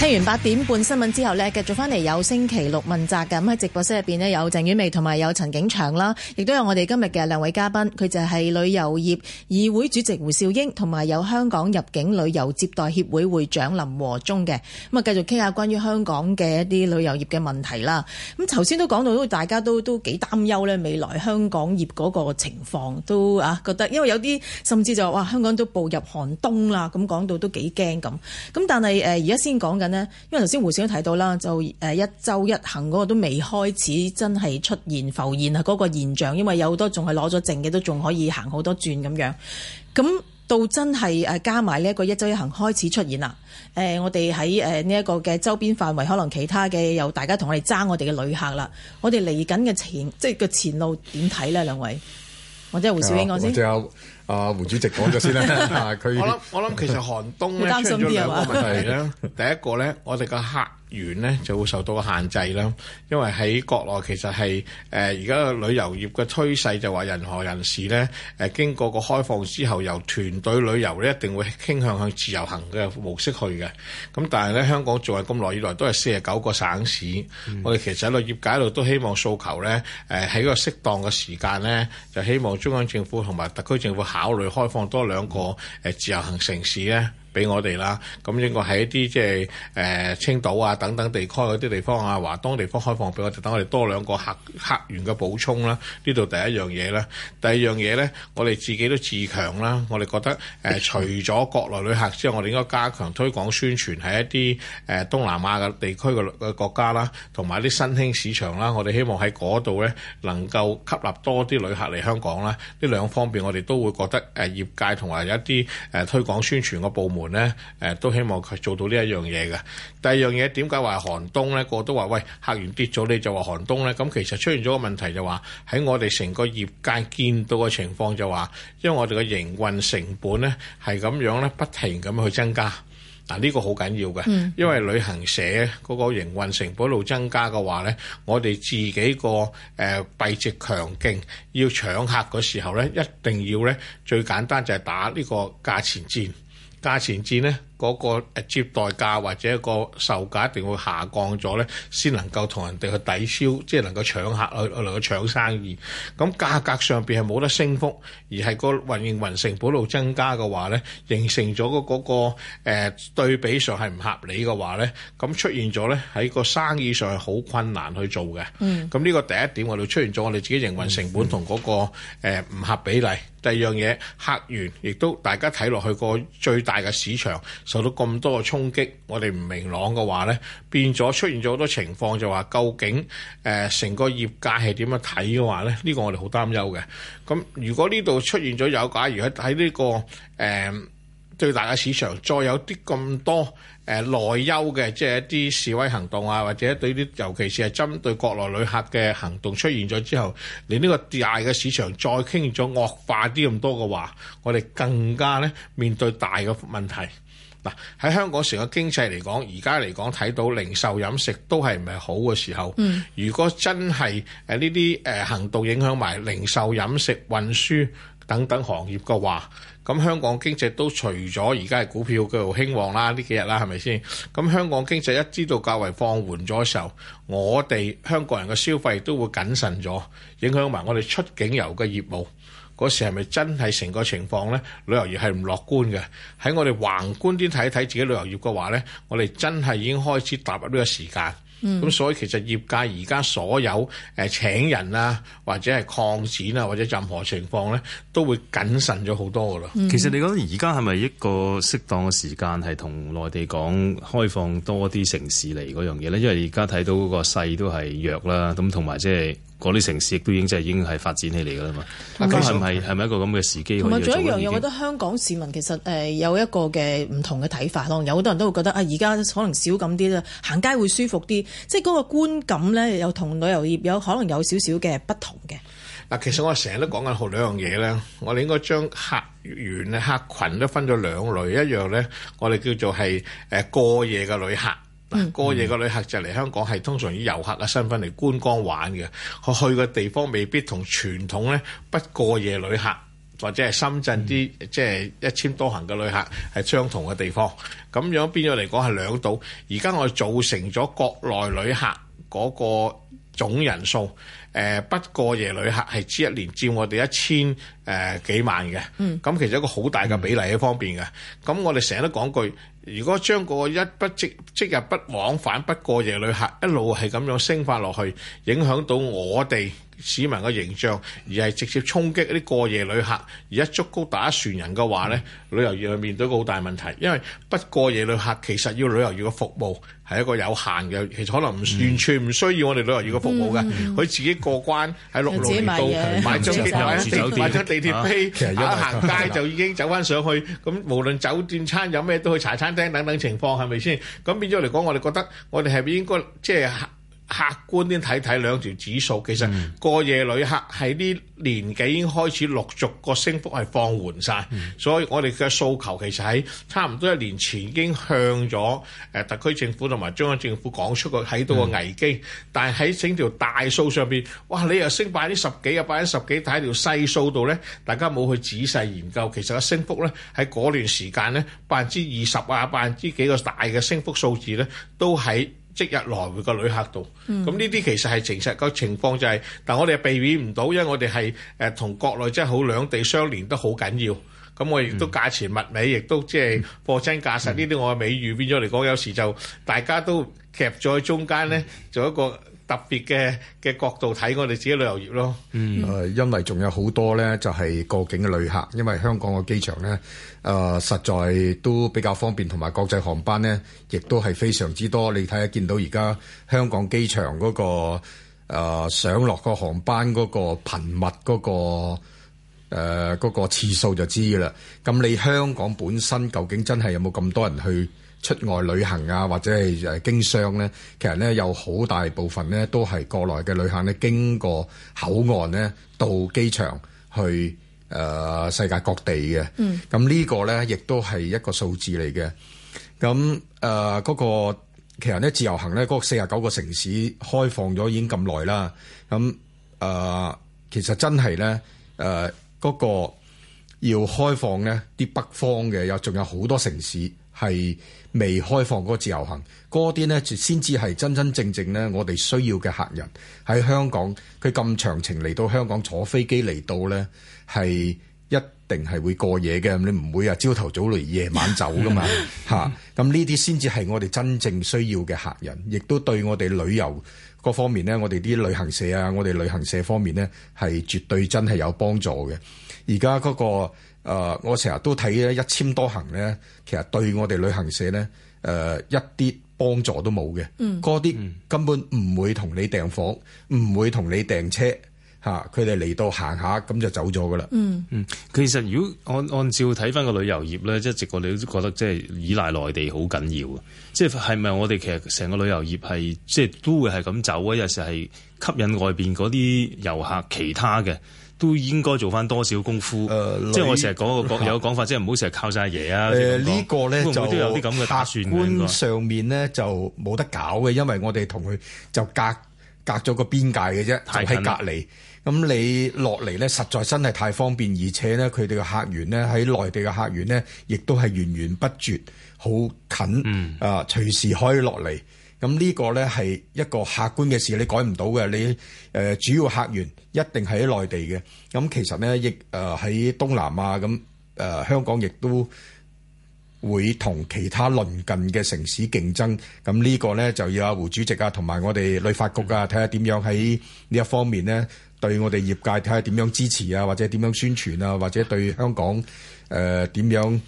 聽完八點半新聞之後呢，繼續翻嚟有星期六問責嘅，咁喺直播室入邊呢，有鄭婉薇同埋有陳景祥啦，亦都有我哋今日嘅兩位嘉賓，佢就係旅遊業議會主席胡兆英，同埋有香港入境旅遊接待協會會長林和忠嘅，咁啊繼續傾下關於香港嘅一啲旅遊業嘅問題啦。咁頭先都講到都，大家都都幾擔憂呢未來香港業嗰個情況都啊覺得，因為有啲甚至就話哇香港都步入寒冬啦，咁講到都幾驚咁。咁但係誒而家先講緊。呢，因為頭先胡兆英提到啦，就誒一周一行嗰個都未開始，真係出現浮現啊嗰個現象，因為有好多仲係攞咗證嘅，都仲可以行好多轉咁樣。咁到真係誒加埋呢一個一周一行開始出現啦。誒，我哋喺誒呢一個嘅周邊範圍，可能其他嘅有大家同我哋爭我哋嘅旅客啦。我哋嚟緊嘅前，即係個前路點睇呢？兩位或者胡兆英，我先。啊、呃，胡主席講咗先啦。 啊，佢我諗，我諗其實寒冬咧出現咗兩個問題咧。 第一個咧，我哋嘅客，遠呢就會受到限制啦，因為喺國內其實係誒而家旅遊業嘅趨勢，就話任何人士呢誒、呃、經過個開放之後，由團隊旅遊呢一定會傾向向自由行嘅模式去嘅。咁但係咧，香港做咗咁耐以來都係四十九個省市，嗯、我哋其實喺旅遊業界度都希望訴求呢，誒、呃、喺一個適當嘅時間呢，就希望中央政府同埋特區政府考慮開放多兩個誒自由行城市呢，俾我哋啦，咁應該喺一啲即係誒青島啊等等地區嗰啲地方啊，華東地方開放俾我哋，等我哋多兩個客客源嘅補充啦。呢度第一樣嘢啦。第二樣嘢呢，我哋自己都自強啦。我哋覺得誒、呃，除咗國內旅客之外，我哋應該加強推廣宣傳，喺一啲誒東南亞嘅地區嘅嘅國家啦，同埋啲新興市場啦。我哋希望喺嗰度呢，能夠吸納多啲旅客嚟香港啦。呢兩方面我哋都會覺得誒、呃、業界同埋有一啲誒、呃、推廣宣傳嘅部門。咧，誒都希望佢做到呢一樣嘢嘅。第二樣嘢點解話寒冬咧？個都話喂，客源跌咗，你就話寒冬咧。咁其實出現咗個問題就話喺我哋成個業界見到嘅情況就話，因為我哋嘅營運成本咧係咁樣咧，不停咁去增加嗱。呢個好緊要嘅，嗯、因為旅行社嗰個營運成本度增加嘅話咧，我哋自己個誒幣值強勁，要搶客嗰時候咧，一定要咧最簡單就係打呢個價錢戰。價錢戰呢？嗰個接待價或者個售價一定會下降咗咧，先能夠同人哋去抵消，即係能夠搶客去去嚟去搶生意。咁價格上邊係冇得升幅，而係個運營運成本度增加嘅話咧，形成咗嗰嗰個，呃，對比上係唔合理嘅話咧，咁出現咗咧喺個生意上係好困難去做嘅。咁呢，嗯，個第一點我哋出現咗我哋自己營運成本同嗰、嗰個唔，嗯，呃，合比例。第二樣嘢客源亦都大家睇落去個最大嘅市場。受到咁多嘅衝擊，我哋唔明朗嘅話，咧，變咗出現咗好多情況，就話究竟呃、成個業界係點樣睇嘅話呢，咧？呢個我哋好擔憂嘅。咁如果呢度出現咗有假如、這個，如喺喺呢個誒最大嘅市場再有啲咁多誒內、呃、憂嘅，即係一啲示威行動啊，或者對啲尤其是係針對國內旅客嘅行動出現咗之後，你呢個大嘅市場再傾咗惡化啲咁多嘅話，我哋更加咧面對大嘅問題。喺香港成個經濟嚟講，而家嚟講睇到零售飲食都係唔係好嘅時候。嗯、如果真係呢啲行動影響埋零售飲食、運輸等等行業嘅話，咁香港經濟都除咗而家係股票叫做興旺啦，呢、嗯、幾日啦，係咪先？咁香港經濟一知道較為放緩咗時候，我哋香港人嘅消費都會謹慎咗，影響埋我哋出境遊嘅業務。嗰時係咪真係成個情況咧？旅遊業係唔樂觀嘅。喺我哋宏觀啲睇一睇自己旅遊業嘅話咧，我哋真係已經開始踏入呢個時間。咁、嗯、所以其實業界而家所有誒請人啊，或者係擴展啊，或者任何情況咧、啊，都會謹慎咗好多噶啦。嗯、其實你覺得而家係咪一個適當嘅時間係同內地講開放多啲城市嚟嗰樣嘢咧？因為而家睇到嗰個勢都係弱啦，咁同埋即係。嗰啲城市亦都已經即係已經係發展起嚟㗎啦嘛，咁係咪係咪一個咁嘅時機？同埋仲有一樣嘢，我覺得香港市民其實誒有一個嘅唔同嘅睇法咯。有好多人都會覺得啊，而家可能少咁啲啦，行街會舒服啲，即係嗰個觀感咧，又同旅遊業有可能有少少嘅不同嘅。嗱，其實我成日都講緊兩樣嘢咧，我哋應該將客源客群都分咗兩類，一樣咧，我哋叫做係誒過夜嘅旅客。過夜個旅客就嚟香港係、嗯、通常以遊客嘅身份嚟觀光玩嘅，佢去嘅地方未必同傳統呢，不過夜旅客或者係深圳啲，即係一簽多行嘅旅客係相同嘅地方，咁樣變咗嚟講係兩度。而家我哋造成咗國內旅客嗰個總人數。誒、呃、不過夜旅客係一年佔我哋一千誒、呃、幾萬嘅，咁其實一個好大嘅比例喺方面嘅。咁我哋成日都講句，如果將嗰個一不即即日不往返不過夜旅客一路係咁樣升發落去，影響到我哋，市民嘅形象，而係直接衝擊嗰啲過夜旅客，而一足高打船人嘅話，咧，嗯、旅遊業面對一個好大問題，因為不過夜旅客其實要旅遊業嘅服務係一個有限嘅，其實可能完全唔需要我哋旅遊業嘅服務嘅，佢、嗯、自己過關六六，喺陸路嚟到買張地鐵買出地鐵飛，一行街就已經走翻上去，咁的無論酒店餐飲咩都去茶餐廳等等情況，係咪先？咁變咗嚟講，我哋覺得我哋係咪應該即係客觀啲睇睇兩條指數，其實過夜旅客喺呢年紀已經開始陸續個升幅係放緩晒。嗯、所以我哋嘅訴求其實喺差唔多一年前已經向咗特區政府同埋中央政府講出個喺度個危機，嗯、但係喺整條大數上面，哇！你又升百分之十幾啊，百幾十幾，睇喺條細數度咧，大家冇去仔細研究，其實個升幅咧喺嗰段時間咧，百分之二十啊，百分之幾個大嘅升幅數字咧都喺。即日來回個旅客度，咁呢啲其實係誠實個情況就係，但係我哋避免唔到，因為我哋係誒同國內真係好兩地相連都好緊要，咁我亦都價錢物美，亦都即係貨真價實。呢啲我嘅美譽變咗嚟講，有時就大家都夾咗喺中間咧，做一個特別嘅嘅角度睇我哋自己旅遊業咯，嗯，誒，因為仲有好多呢，就係過境嘅旅客，因為香港嘅機場呢，誒，實在都比較方便，同埋國際航班呢，亦都係非常之多。你睇下，見到而家香港機場嗰個誒上落個航班嗰個頻密嗰個誒嗰個次數就知㗎喇。咁你香港本身究竟真係有冇咁多人去出外旅行啊，或者係誒經商咧，其實咧有好大部分咧都係國內嘅旅行咧，經過口岸咧到機場去誒、呃、世界各地嘅。嗯，咁呢個咧亦都係一個數字嚟嘅。咁誒嗰個其實咧自由行咧嗰四十九個城市開放咗已經咁耐啦。咁誒、呃、其實真係咧誒嗰個要開放咧啲北方嘅有仲有好多城市。係未開放嗰個自由行，嗰啲呢先至係真真正正呢我哋需要嘅客人喺香港，佢咁長程嚟到香港坐飛機嚟到呢，係一定係會過夜嘅，你唔會啊朝頭早嚟夜晚走噶嘛嚇。咁呢啲先至係我哋真正需要嘅客人，亦都對我哋旅遊各方面呢，我哋啲旅行社啊，我哋旅行社方面呢，係絕對真係有幫助嘅。而家嗰個。誒、呃，我成日都睇咧一簽多行咧，其實對我哋旅行社咧，誒、呃、一啲幫助都冇嘅。嗯，嗰啲根本唔會同你訂房，唔、嗯、會同你訂車，吓、啊，佢哋嚟到行下咁就走咗噶啦。嗯嗯，其實如果按按照睇翻個旅遊業咧，即係直覺你都覺得即係依賴內地好緊要嘅。即係係咪我哋其實成個旅遊業係即係都會係咁走啊？有時係吸引外邊嗰啲遊客其他嘅。都應該做翻多少功夫，呃、即係我成日講個講有講法，即係唔好成日靠晒爺啊！呃、個呢個咧就客觀上面咧就冇得搞嘅，因為我哋同佢就隔隔咗個邊界嘅啫，就喺隔離。咁你落嚟咧，實在真係太方便，而且咧佢哋嘅客源咧喺內地嘅客源咧，亦都係源源不絕，好近、嗯、啊，隨時可以落嚟。咁呢個咧係一個客觀嘅事，你改唔到嘅。你、呃、主要客源一定係喺內地嘅。咁其實呢，亦誒喺東南亞，咁、呃、誒香港亦都會同其他鄰近嘅城市競爭。咁呢個咧就要阿胡主席啊，同埋我哋旅發局啊，睇下點樣喺呢一方面呢，對我哋業界睇下點樣支持啊，或者點樣宣傳啊，或者對香港誒點、呃、樣，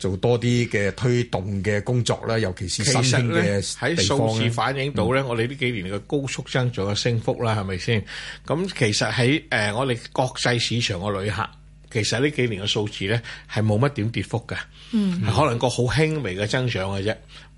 做多啲嘅推動嘅工作啦，尤其是新興嘅地方咧。喺數字反映到咧，我哋呢幾年嘅高速增長嘅升幅啦，係咪先？咁其實喺誒我哋國際市場嘅旅客，其實呢幾年嘅數字咧係冇乜點跌幅嘅，嗯，可能個好輕微嘅增長嘅啫。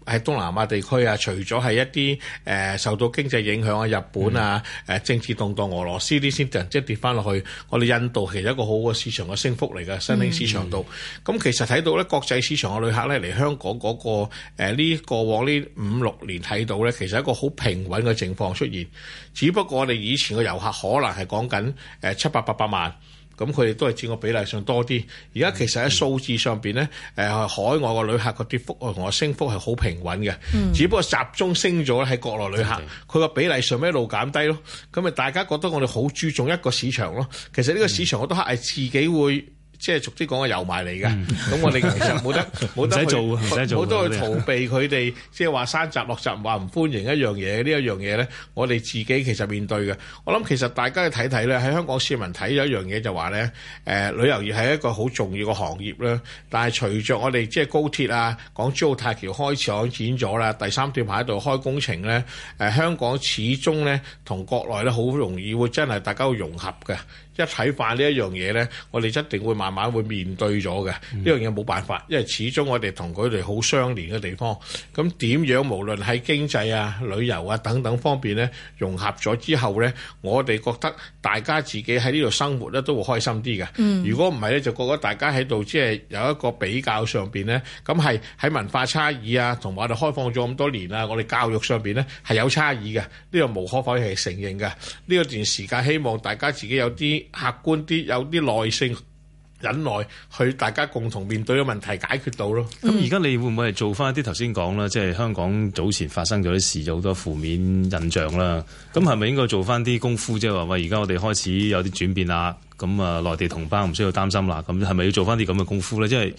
喺東南亞地區啊，除咗係一啲誒、呃、受到經濟影響啊，日本啊，政治動盪，俄羅斯啲先、嗯、即係跌翻落去。我哋印度其實一個好嘅市場嘅升幅嚟嘅新興市場度。咁、嗯、其實睇到咧，國際市場嘅旅客咧嚟香港嗰、嗰個呢過、呃呢個、往呢五六年睇到咧，其實一個好平穩嘅情況出現。只不過我哋以前嘅遊客可能係講緊七百八百萬。咁佢哋都係佔個比例上多啲，而家其實喺數字上面咧，誒、嗯呃、海外個旅客個跌幅同個升幅係好平穩嘅，嗯、只不過集中升咗喺係國內旅客，佢個、嗯、比例上邊一路減低咯。咁咪大家覺得我哋好注重一個市場咯，其實呢個市場我都係自己會。嗯即係逐啲講個油埋嚟嘅，咁、嗯、我哋其實冇得冇 得做，冇得去逃避佢哋， 即係話山閘落閘話唔歡迎一樣嘢呢一樣嘢咧。我哋自己其實面對嘅，我諗其實大家去睇睇咧，喺香港市民睇咗一樣嘢就話咧、呃，旅遊業係一個好重要嘅行業啦。但係隨着我哋即係高鐵啊，港珠澳大橋開始擴展咗啦，第三段排喺度開工程咧、呃，香港始終咧同國內咧好容易會真係大家會融合嘅一體化呢一樣嘢咧，我哋一定會慢慢。慢慢會面對咗嘅呢樣嘢冇辦法，因為始終我哋同佢哋好相連嘅地方。咁點樣，無論喺經濟啊、旅遊啊等等方面咧，融合咗之後咧，我哋覺得大家自己喺呢度生活咧都會開心啲嘅。嗯。如果唔係咧，就覺得大家喺度即係有一個比較上邊咧，咁係喺文化差異啊，同埋我哋開放咗咁多年啊，我哋教育上邊咧係有差異嘅，呢個無可否係承認嘅。呢一段時間，希望大家自己有啲客觀啲，有啲耐性。忍耐去大家共同面對嘅問題解決到咯。咁而家你會唔會做翻一啲頭先講啦？即係香港早前發生咗啲事，有好多負面印象啦。咁係咪應該做翻啲功夫？即係話喂，而家我哋開始有啲轉變啦。咁啊，內地同胞唔需要擔心啦。咁係咪要做翻啲咁嘅功夫咧？即係。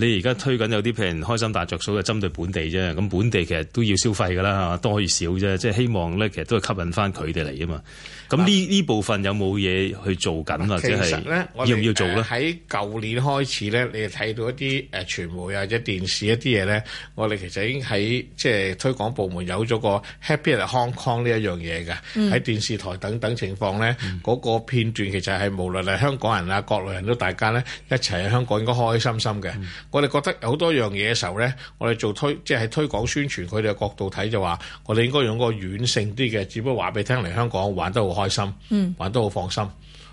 你而家推緊有啲譬如開心大着數嘅針對本地啫。咁本地其實都要消費㗎啦，多與少啫。即係希望咧，其實都係吸引翻佢哋嚟㗎嘛。咁呢呢部分有冇嘢去做緊或者係要唔要做咧？喺呃、舊年開始咧，你睇到一啲誒傳媒或者電視一啲嘢咧，我哋其實已經喺即係推廣部門有咗個 Happy Hong Kong 呢一樣嘢㗎。喺、嗯、電視台等等情況咧，嗰、嗯、個片段其實係無論係香港人啊、國內人都大家咧一齊喺香港應該開開心心嘅。嗯我哋覺得有好多樣嘢嘅時候咧，我哋做推即係喺推廣宣傳佢哋嘅角度睇就話，我哋應該用個軟性啲嘅，只不過話俾你聽嚟香港玩得好開心，嗯、玩得好放心。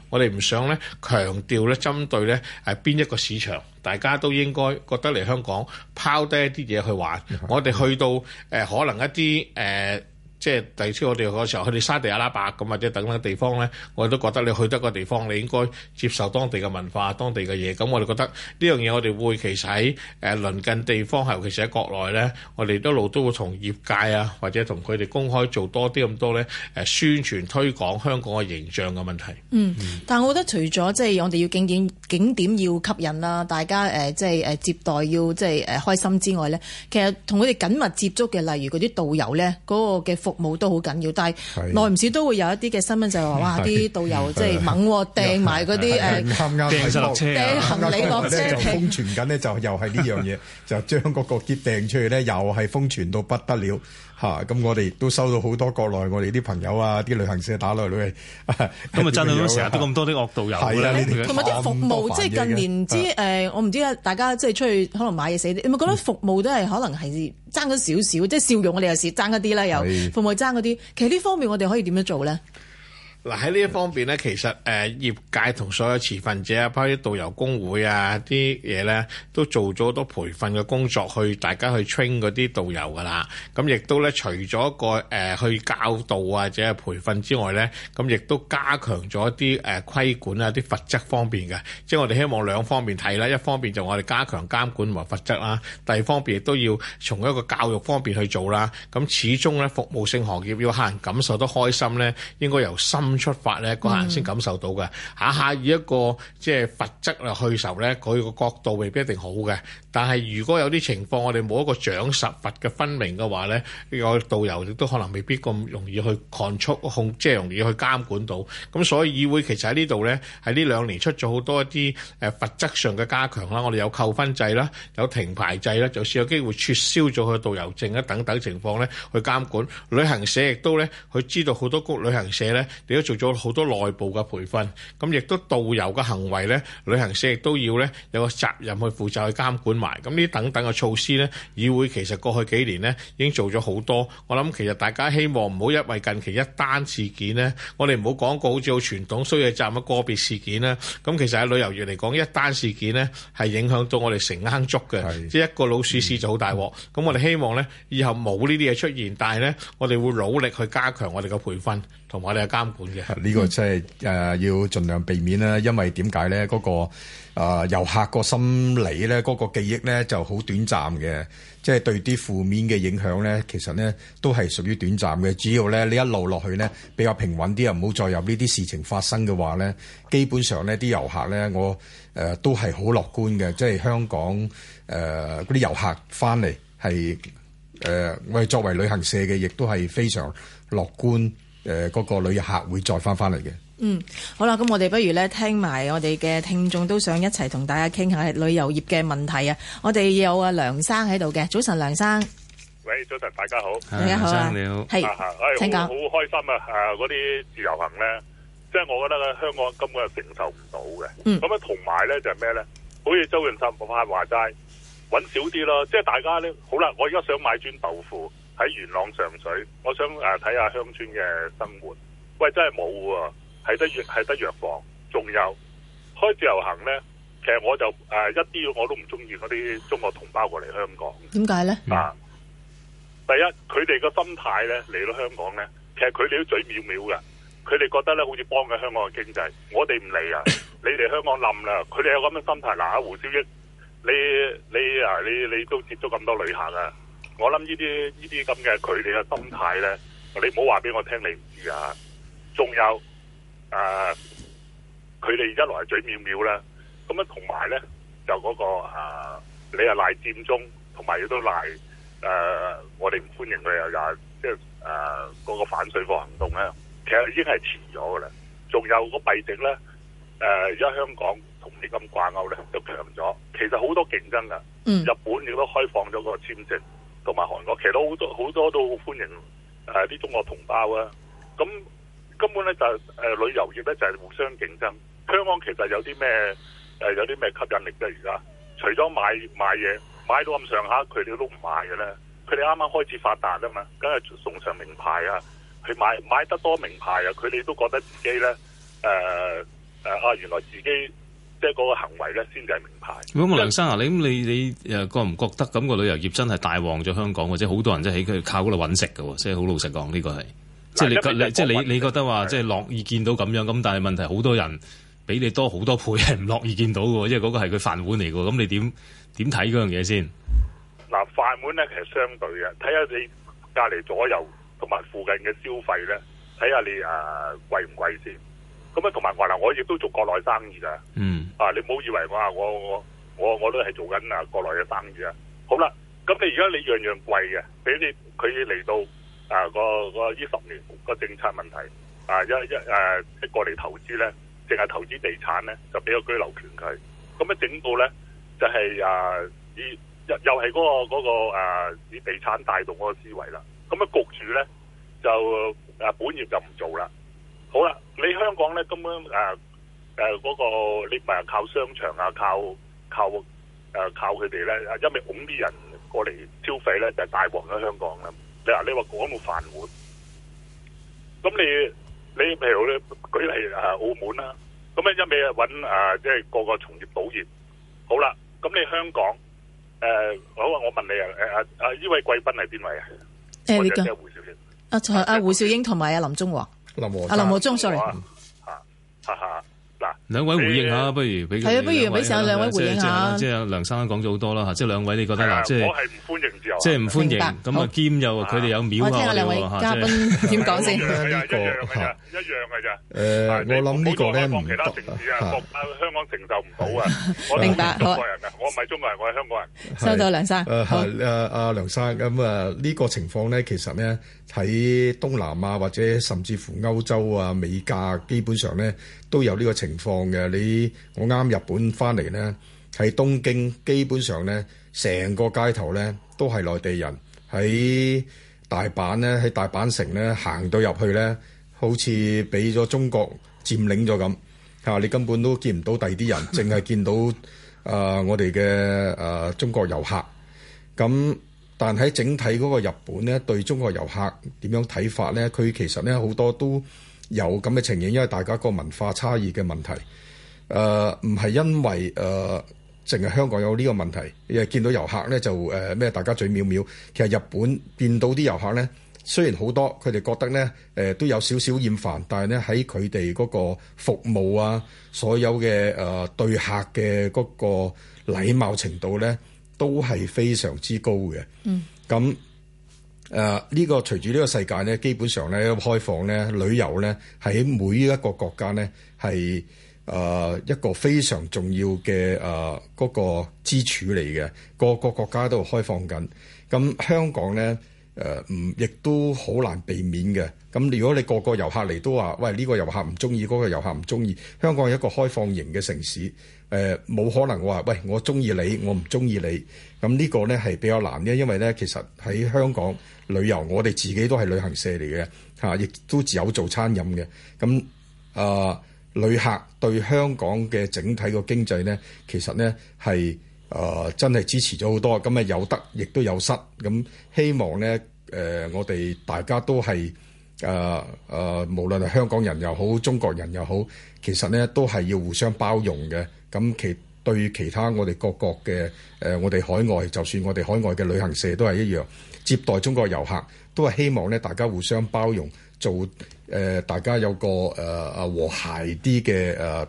我哋唔想咧強調咧針對咧誒邊一個市場，大家都應該覺得嚟香港拋低一啲嘢去玩。嗯、我哋去到、呃、可能一啲誒。呃即係第二次我哋嗰時候去啲沙地阿拉伯咁或者等等地方咧，我都覺得你去得個地方，你應該接受當地嘅文化、當地嘅嘢。咁我哋覺得呢樣嘢，我哋會其實喺誒鄰近地方，尤其是喺國內咧，我哋一路都會從業界啊，或者同佢哋公開做多啲咁多咧誒宣傳推廣香港嘅形象嘅問題。嗯，但係我覺得除咗即係我哋要景點景點要吸引啦，大家、呃、即係接待要即係誒、呃、開心之外咧，其實同佢哋緊密接觸嘅，例如嗰啲導遊咧，嗰、那個嘅服。冇都好緊要，但係耐唔少都會有一啲嘅新聞就係話，的哇！啲導遊即係猛掟埋嗰啲啱啱落車，掟行李落車就風傳緊呢就又係呢樣嘢，就將嗰個結掟出去，呢又係風傳到不得了。吓，咁、啊、我哋都收到好多國內我哋啲朋友啊，啲旅行社打來嚟，咁啊真係、啊、都成日都咁多啲惡導遊，同埋啲服務，即係近年之誒、 呃，我唔知啊，大家即係出去可能買嘢死啲，你咪覺得服務都係可能係爭咗少少，嗯、即係笑容我哋有時爭一啲啦，是有服務爭嗰啲，其實呢方面我哋可以點樣做咧？嗱，喺呢一方面咧，其實誒、呃、業界同所有持份者啊，包括導遊工會啊啲嘢咧，都做咗好多培訓嘅工作，去大家去 train 嗰啲導遊噶啦。咁亦都咧，除咗個誒去教導啊，或者培訓之外咧，咁亦都加強咗一啲誒、呃、規管啊，啲罰則方面嘅。即係我哋希望兩方面睇啦，一方面就我哋加強監管同埋罰則啦，第二方面亦都要從一個教育方面去做啦。咁始終咧，服務性行業要客人感受得開心咧，應該由心，出發咧，個客人先感受到嘅，下下以一個即係罰則去受咧，佢個角度未必一定好嘅。但係如果有啲情況，我哋冇一個獎罰嘅分明嘅話咧，呢個導遊亦都可能未必咁容易去控速控，即係容易去監管到。咁所以議會其實喺呢度咧，喺呢兩年出咗好多一啲誒罰則上嘅加強啦，我哋有扣分制啦，有停牌制啦，就算有機會撤銷咗佢導遊證啊等等情況咧，去監管旅行社，亦都咧，佢知道好多個旅行社咧做咗好多內部嘅培訓，咁亦都導遊嘅行為咧，旅行社亦都要咧有個責任去負責去監管埋。咁呢等等嘅措施咧，議會其實過去幾年咧已經做咗好多。我諗其實大家希望唔好因為近期一單事件咧，我哋唔好講個好似好傳統衰嘅站嘅個別事件啦。咁其實喺旅遊業嚟講，一單事件咧係影響到我哋成鑊粥嘅，是的即係一個老鼠屎就好大鑊。咁、嗯、我哋希望咧以後冇呢啲嘢出現，但係咧我哋會努力去加強我哋嘅培訓。同我哋係監管嘅呢、嗯、個、就是，真係誒要盡量避免啦。因為點解咧？嗰、那個誒、呃、遊客個心理咧，嗰、那個記憶咧就好短暫嘅，即、就、係、是、對啲負面嘅影響咧，其實咧都係屬於短暫嘅。只要咧，你一路落去咧比較平穩啲，又唔好再有呢啲事情發生嘅話咧，基本上咧啲遊客咧，我誒、呃、都係好樂觀嘅，即、就、係、是、香港誒嗰啲遊客翻嚟係誒，我哋作為旅行社嘅，亦都係非常樂觀。誒嗰、呃那個旅遊客會再翻翻嚟嘅。嗯，好啦，咁我哋不如咧聽埋我哋嘅聽眾都想一齊同大家傾下旅遊業嘅問題啊！我哋有阿梁生喺度嘅，早晨，梁生。喂，早晨，大家好。大家、啊、好啊，你好。係、啊，請、啊、講、哎。好開心啊！啊，嗰啲自由行咧，即、就、係、是、我覺得咧，香港根本係承受唔到嘅。嗯。咁樣同埋咧就係咩咧？好似周潤發話齋揾少啲囉，即、就、係、是、大家咧，好啦，我而家想買磚豆腐。喺元朗上水，我想誒睇下鄉村嘅生活。喂，真係冇喎，係得藥，係得藥房。仲有開自由行呢？其實我就誒、啊、一啲我都唔中意嗰啲中國同胞過嚟香港。點解呢？啊，第一佢哋嘅心態呢，嚟到香港呢，其實佢哋都嘴藐藐嘅。佢哋覺得呢，好似幫緊香港嘅經濟，我哋唔理啊， 你嚟香港冧啦。佢哋有咁嘅心態。嗱，胡兆英，你你啊，你你都接觸咁多旅客啊。我諗呢啲呢啲咁嘅佢哋嘅心態咧，你唔好話俾我聽，你唔知啊！仲有啊，呃、佢哋一來嘴藐藐啦，咁啊同埋咧就嗰、嗰個啊、呃，你又賴佔中，同埋亦都賴誒、呃，我哋唔歡迎佢又又即係誒嗰個反水貨行動咧，其實已經係遲咗㗎啦。仲有個幣值咧，誒、呃，而家香港同你咁掛鈎咧，就強咗。其實好多競爭噶，日本亦都開放咗嗰個簽證。同埋韓國，其實好多好多都好歡迎誒啲、啊、中國同胞啊！咁、啊、根本咧就誒、是呃、旅遊業咧就係、是、互相競爭。香港其實有啲咩誒有啲咩吸引力咧？而家除咗買買嘢買到咁上下，佢哋都唔買嘅咧。佢哋啱啱開始發達啊嘛，梗係送上名牌啊！去買買得多名牌啊，佢哋都覺得自己咧誒誒啊原來自己。即係嗰個行為咧，先至係名牌。咁我梁生啊，你咁你你誒覺唔覺得咁個旅遊業真係大旺咗香港，或者好多人即係喺佢靠嗰度揾食嘅，即係好老實講，呢個係即係你即係為你你覺得話即係樂意見到咁樣咁，但係問題好多人比你多好多倍係唔樂意見到嘅，因為嗰個係佢飯碗嚟嘅。咁你點點睇嗰樣嘢先？嗱飯碗咧其實相對嘅，睇下你隔離左右同埋附近嘅消費咧，睇下你誒貴唔貴先。咁啊，同埋話嗱，我亦都做國內生意㗎。嗯、mm. 啊。啊，你唔好以為我話，我我我我都係做緊啊國內嘅生意啊。好啦，咁你而家你樣樣貴嘅，俾你佢嚟到啊個個呢十年個政策問題啊一一誒、啊、過嚟投資咧，淨係投資地產咧，就俾個居留權佢。咁、就是、啊，整到咧就係啊，依又又係嗰個嗰個誒地產帶動嗰個思維啦。咁啊，焗住咧就啊本業就唔做啦。好啦，你香港咧根本，誒、啊、誒，嗰、那個你唔係靠商場啊，靠靠誒、啊、靠佢哋咧，一味拱啲人過嚟消費咧，就帶旺咗香港啦。你話你話講冇繁華，咁你你譬如咧，舉例誒澳、啊、門啦，咁你一味搵即係個個從業保業。好啦，咁你香港誒，好啊，我問你啊誒啊啊，呢位貴賓係邊位啊？你啊，胡兆英啊，阿胡兆英同埋阿林和忠。阿林和忠 sorry，吓，嗱，兩位回應下，不如俾係啊，不如俾請兩位回應下。即係梁生講咗好多啦，吓，即係兩位你覺得嗱，即係我係唔歡迎自由，即係唔歡迎，咁啊兼又佢哋有廟啊，我聽下兩位嘉賓點講先。一樣嘅，一樣嘅，一樣嘅啫。誒，我諗呢個咧，放其他城市啊，放香港承受唔到啊。我明白，中國人嘅，我唔係中國人，我係香港人。收到，梁生。誒，阿阿梁生，咁啊呢個情況咧，其實咧。喺東南亞，或者甚至乎歐洲啊、美加，基本上咧都有呢個情況嘅。你我啱日本翻嚟咧，喺東京基本上咧，成個街頭咧都係內地人，喺大阪咧，喺大阪城咧行到入去咧，好似俾咗中國佔領咗咁、啊、你根本都見唔到第二啲人，淨係 見到啊、呃、我哋嘅啊中國遊客咁。但喺整體嗰個日本咧，對中國遊客點樣睇法咧？佢其實咧好多都有咁嘅情形，因為大家個文化差異嘅問題。誒唔係因為誒淨係香港有呢個問題，誒見到遊客咧就誒咩、呃、大家嘴藐藐。其實日本見到啲遊客咧，雖然好多佢哋覺得咧、呃、都有少少厭煩，但係咧喺佢哋嗰個服務啊，所有嘅誒、呃、對客嘅嗰個禮貌程度咧。都係非常之高嘅，嗯，咁誒呢個隨住呢個世界咧，基本上咧開放咧，旅遊咧喺每一個國家咧係誒一個非常重要嘅誒嗰個支柱嚟嘅，個個國家都開放緊，咁香港咧。誒唔，亦、呃、都好難避免嘅。咁如果你個個遊客嚟都話，喂呢、這個遊客唔中意，嗰、那個遊客唔中意，香港係一個開放型嘅城市。誒、呃，冇可能話，喂，我中意你，我唔中意你。咁呢個呢係比較難嘅，因為呢其實喺香港旅遊，我哋自己都係旅行社嚟嘅，亦、啊、都自由做餐飲嘅。咁啊、呃，旅客對香港嘅整體個經濟呢，其實呢係。誒、呃、真係支持咗好多，咁有得亦都有失。咁希望呢，誒、呃、我哋大家都係誒誒，無論係香港人又好，中國人又好，其實呢都係要互相包容嘅。咁其對其他我哋各國嘅誒、呃，我哋海外，就算我哋海外嘅旅行社都係一樣，接待中國遊客都係希望呢大家互相包容，做誒、呃、大家有個誒、呃、和諧啲嘅誒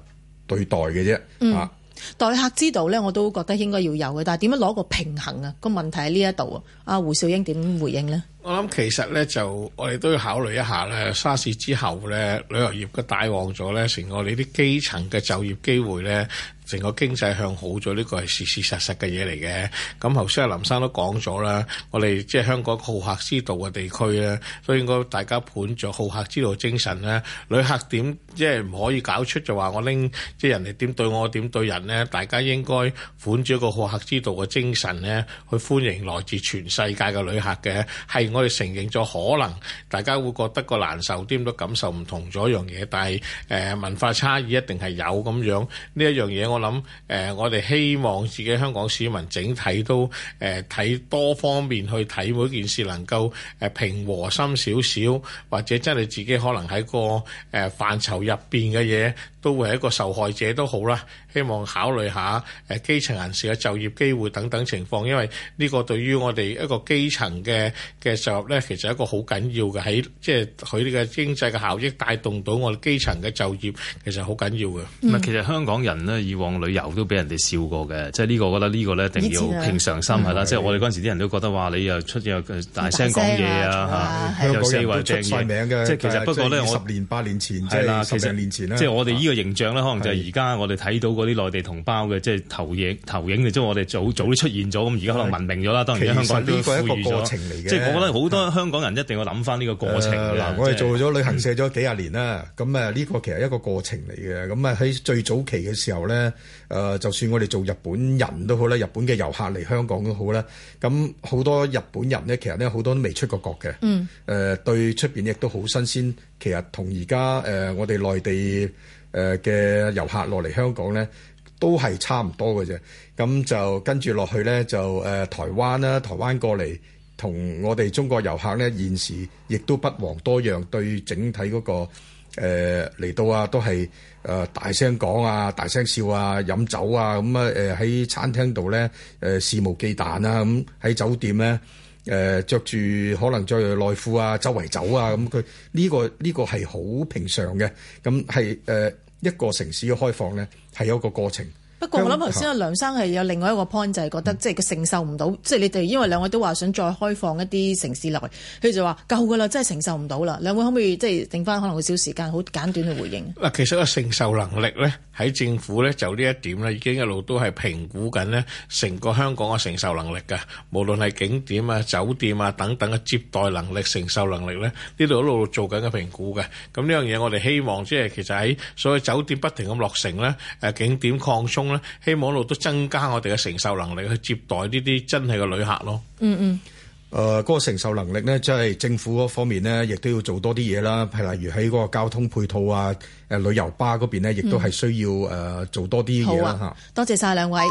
對待嘅啫啊！嗯待客之道咧，我都覺得應該要有嘅，但係點樣攞個平衡啊？個問題喺呢一度啊！阿胡兆英點回應呢？我諗其實咧就我哋都要考慮一下咧，沙士之後咧，旅遊業嘅帶旺咗咧，成咗我哋啲基層嘅就業機會咧。成個經濟向好咗，呢、這個係事事實實嘅嘢嚟嘅。咁頭先阿林生都講咗啦，我哋即係香港好客之道嘅地區啦，都應該大家本着好客之道精神咧，旅客點即係唔可以搞出就話我拎即係人哋點對我點對人咧，大家應該本住一個好客之道嘅精神咧，去歡迎來自全世界嘅旅客嘅。係我哋承認咗可能大家會覺得個難受啲都感受唔同咗一樣嘢，但係誒、呃、文化差異一定係有咁樣呢一樣嘢。我諗，誒、呃，我哋希望自己香港市民整體都，誒、呃，睇多方面去睇每件事，能夠誒平和心少少，或者真係自己可能喺個誒、呃，範疇入邊嘅嘢，都會係一個受害者都好啦。希望考慮下誒基層人士嘅就業機會等等情況，因為呢個對於我哋一個基層嘅嘅就業咧，其實係一個好緊要嘅，喺即係佢呢個經濟嘅效益帶動到我哋基層嘅就業，其實好緊要嘅。唔，其實香港人呢，以往旅遊都俾人哋笑過嘅，即係呢個覺得呢個一定要平常心係啦。即係我哋嗰陣時啲人都覺得話你又出又大聲講嘢啊，又聲位正嘅，即係其實不過咧，我十年八年前即係成年前啦，即係我哋呢個形象咧，可能就係而家我哋睇到啲內地同胞嘅即係投影投影嘅，即係我哋早早都出現咗，咁而家可能文明咗啦。當然是，香港呢個係一個過程嚟嘅，的即係我覺得好多香港人一定要諗翻呢個過程。嗱，我哋做咗旅行社咗幾廿年啦，咁呢、嗯、個其實一個過程嚟嘅。咁喺最早期嘅時候咧、呃，就算我哋做日本人都好啦，日本嘅遊客嚟香港都好啦，咁好多日本人咧，其實咧好多都未出過國嘅。嗯，呃、對出面亦都好新鮮。其實同而家、呃、我哋內地。誒嘅、呃、遊客落嚟香港咧，都係差唔多嘅啫。咁就跟住落去咧，就誒、呃、台灣啦、啊，台灣過嚟同我哋中國遊客咧，現時亦都不遑多讓。對整體嗰、那個嚟、呃、到啊，都係誒、呃、大聲講啊，大聲笑啊，飲酒啊，咁啊喺餐廳度咧誒肆無忌憚啊。咁、嗯、喺酒店咧誒着住可能著內褲啊，周圍走啊，咁佢呢個呢、這個係好平常嘅，咁係誒。一個城市嘅開放咧，係有一個過程。不過我諗頭先啊，梁生係有另外一個 point，就係覺得即係佢承受唔到，即係你哋因為兩位都話想再開放一啲城市來，佢就話夠㗎啦，真係承受唔到啦。兩位可唔可以即係剩翻可能好少時間，好簡短嘅回應？嗱，其實個承受能力咧，喺政府咧就呢一點咧，已經一路都係評估緊咧成個香港嘅承受能力㗎。無論係景點啊、酒店啊等等嘅接待能力、承受能力咧，呢度一路做緊嘅評估嘅。咁呢樣嘢我哋希望即係其實喺所謂酒店不停咁落成咧，誒景點擴充。希望一路都增加我哋嘅承受能力去接待呢啲真係嘅旅客咯。嗯嗯。誒，嗰個承受能力呢，即係政府嗰方面呢，亦都要做多啲嘢啦。譬如喺嗰個交通配套啊，誒，旅遊巴嗰邊呢，亦都係需要誒做多啲嘢啦。吓，多謝晒兩位。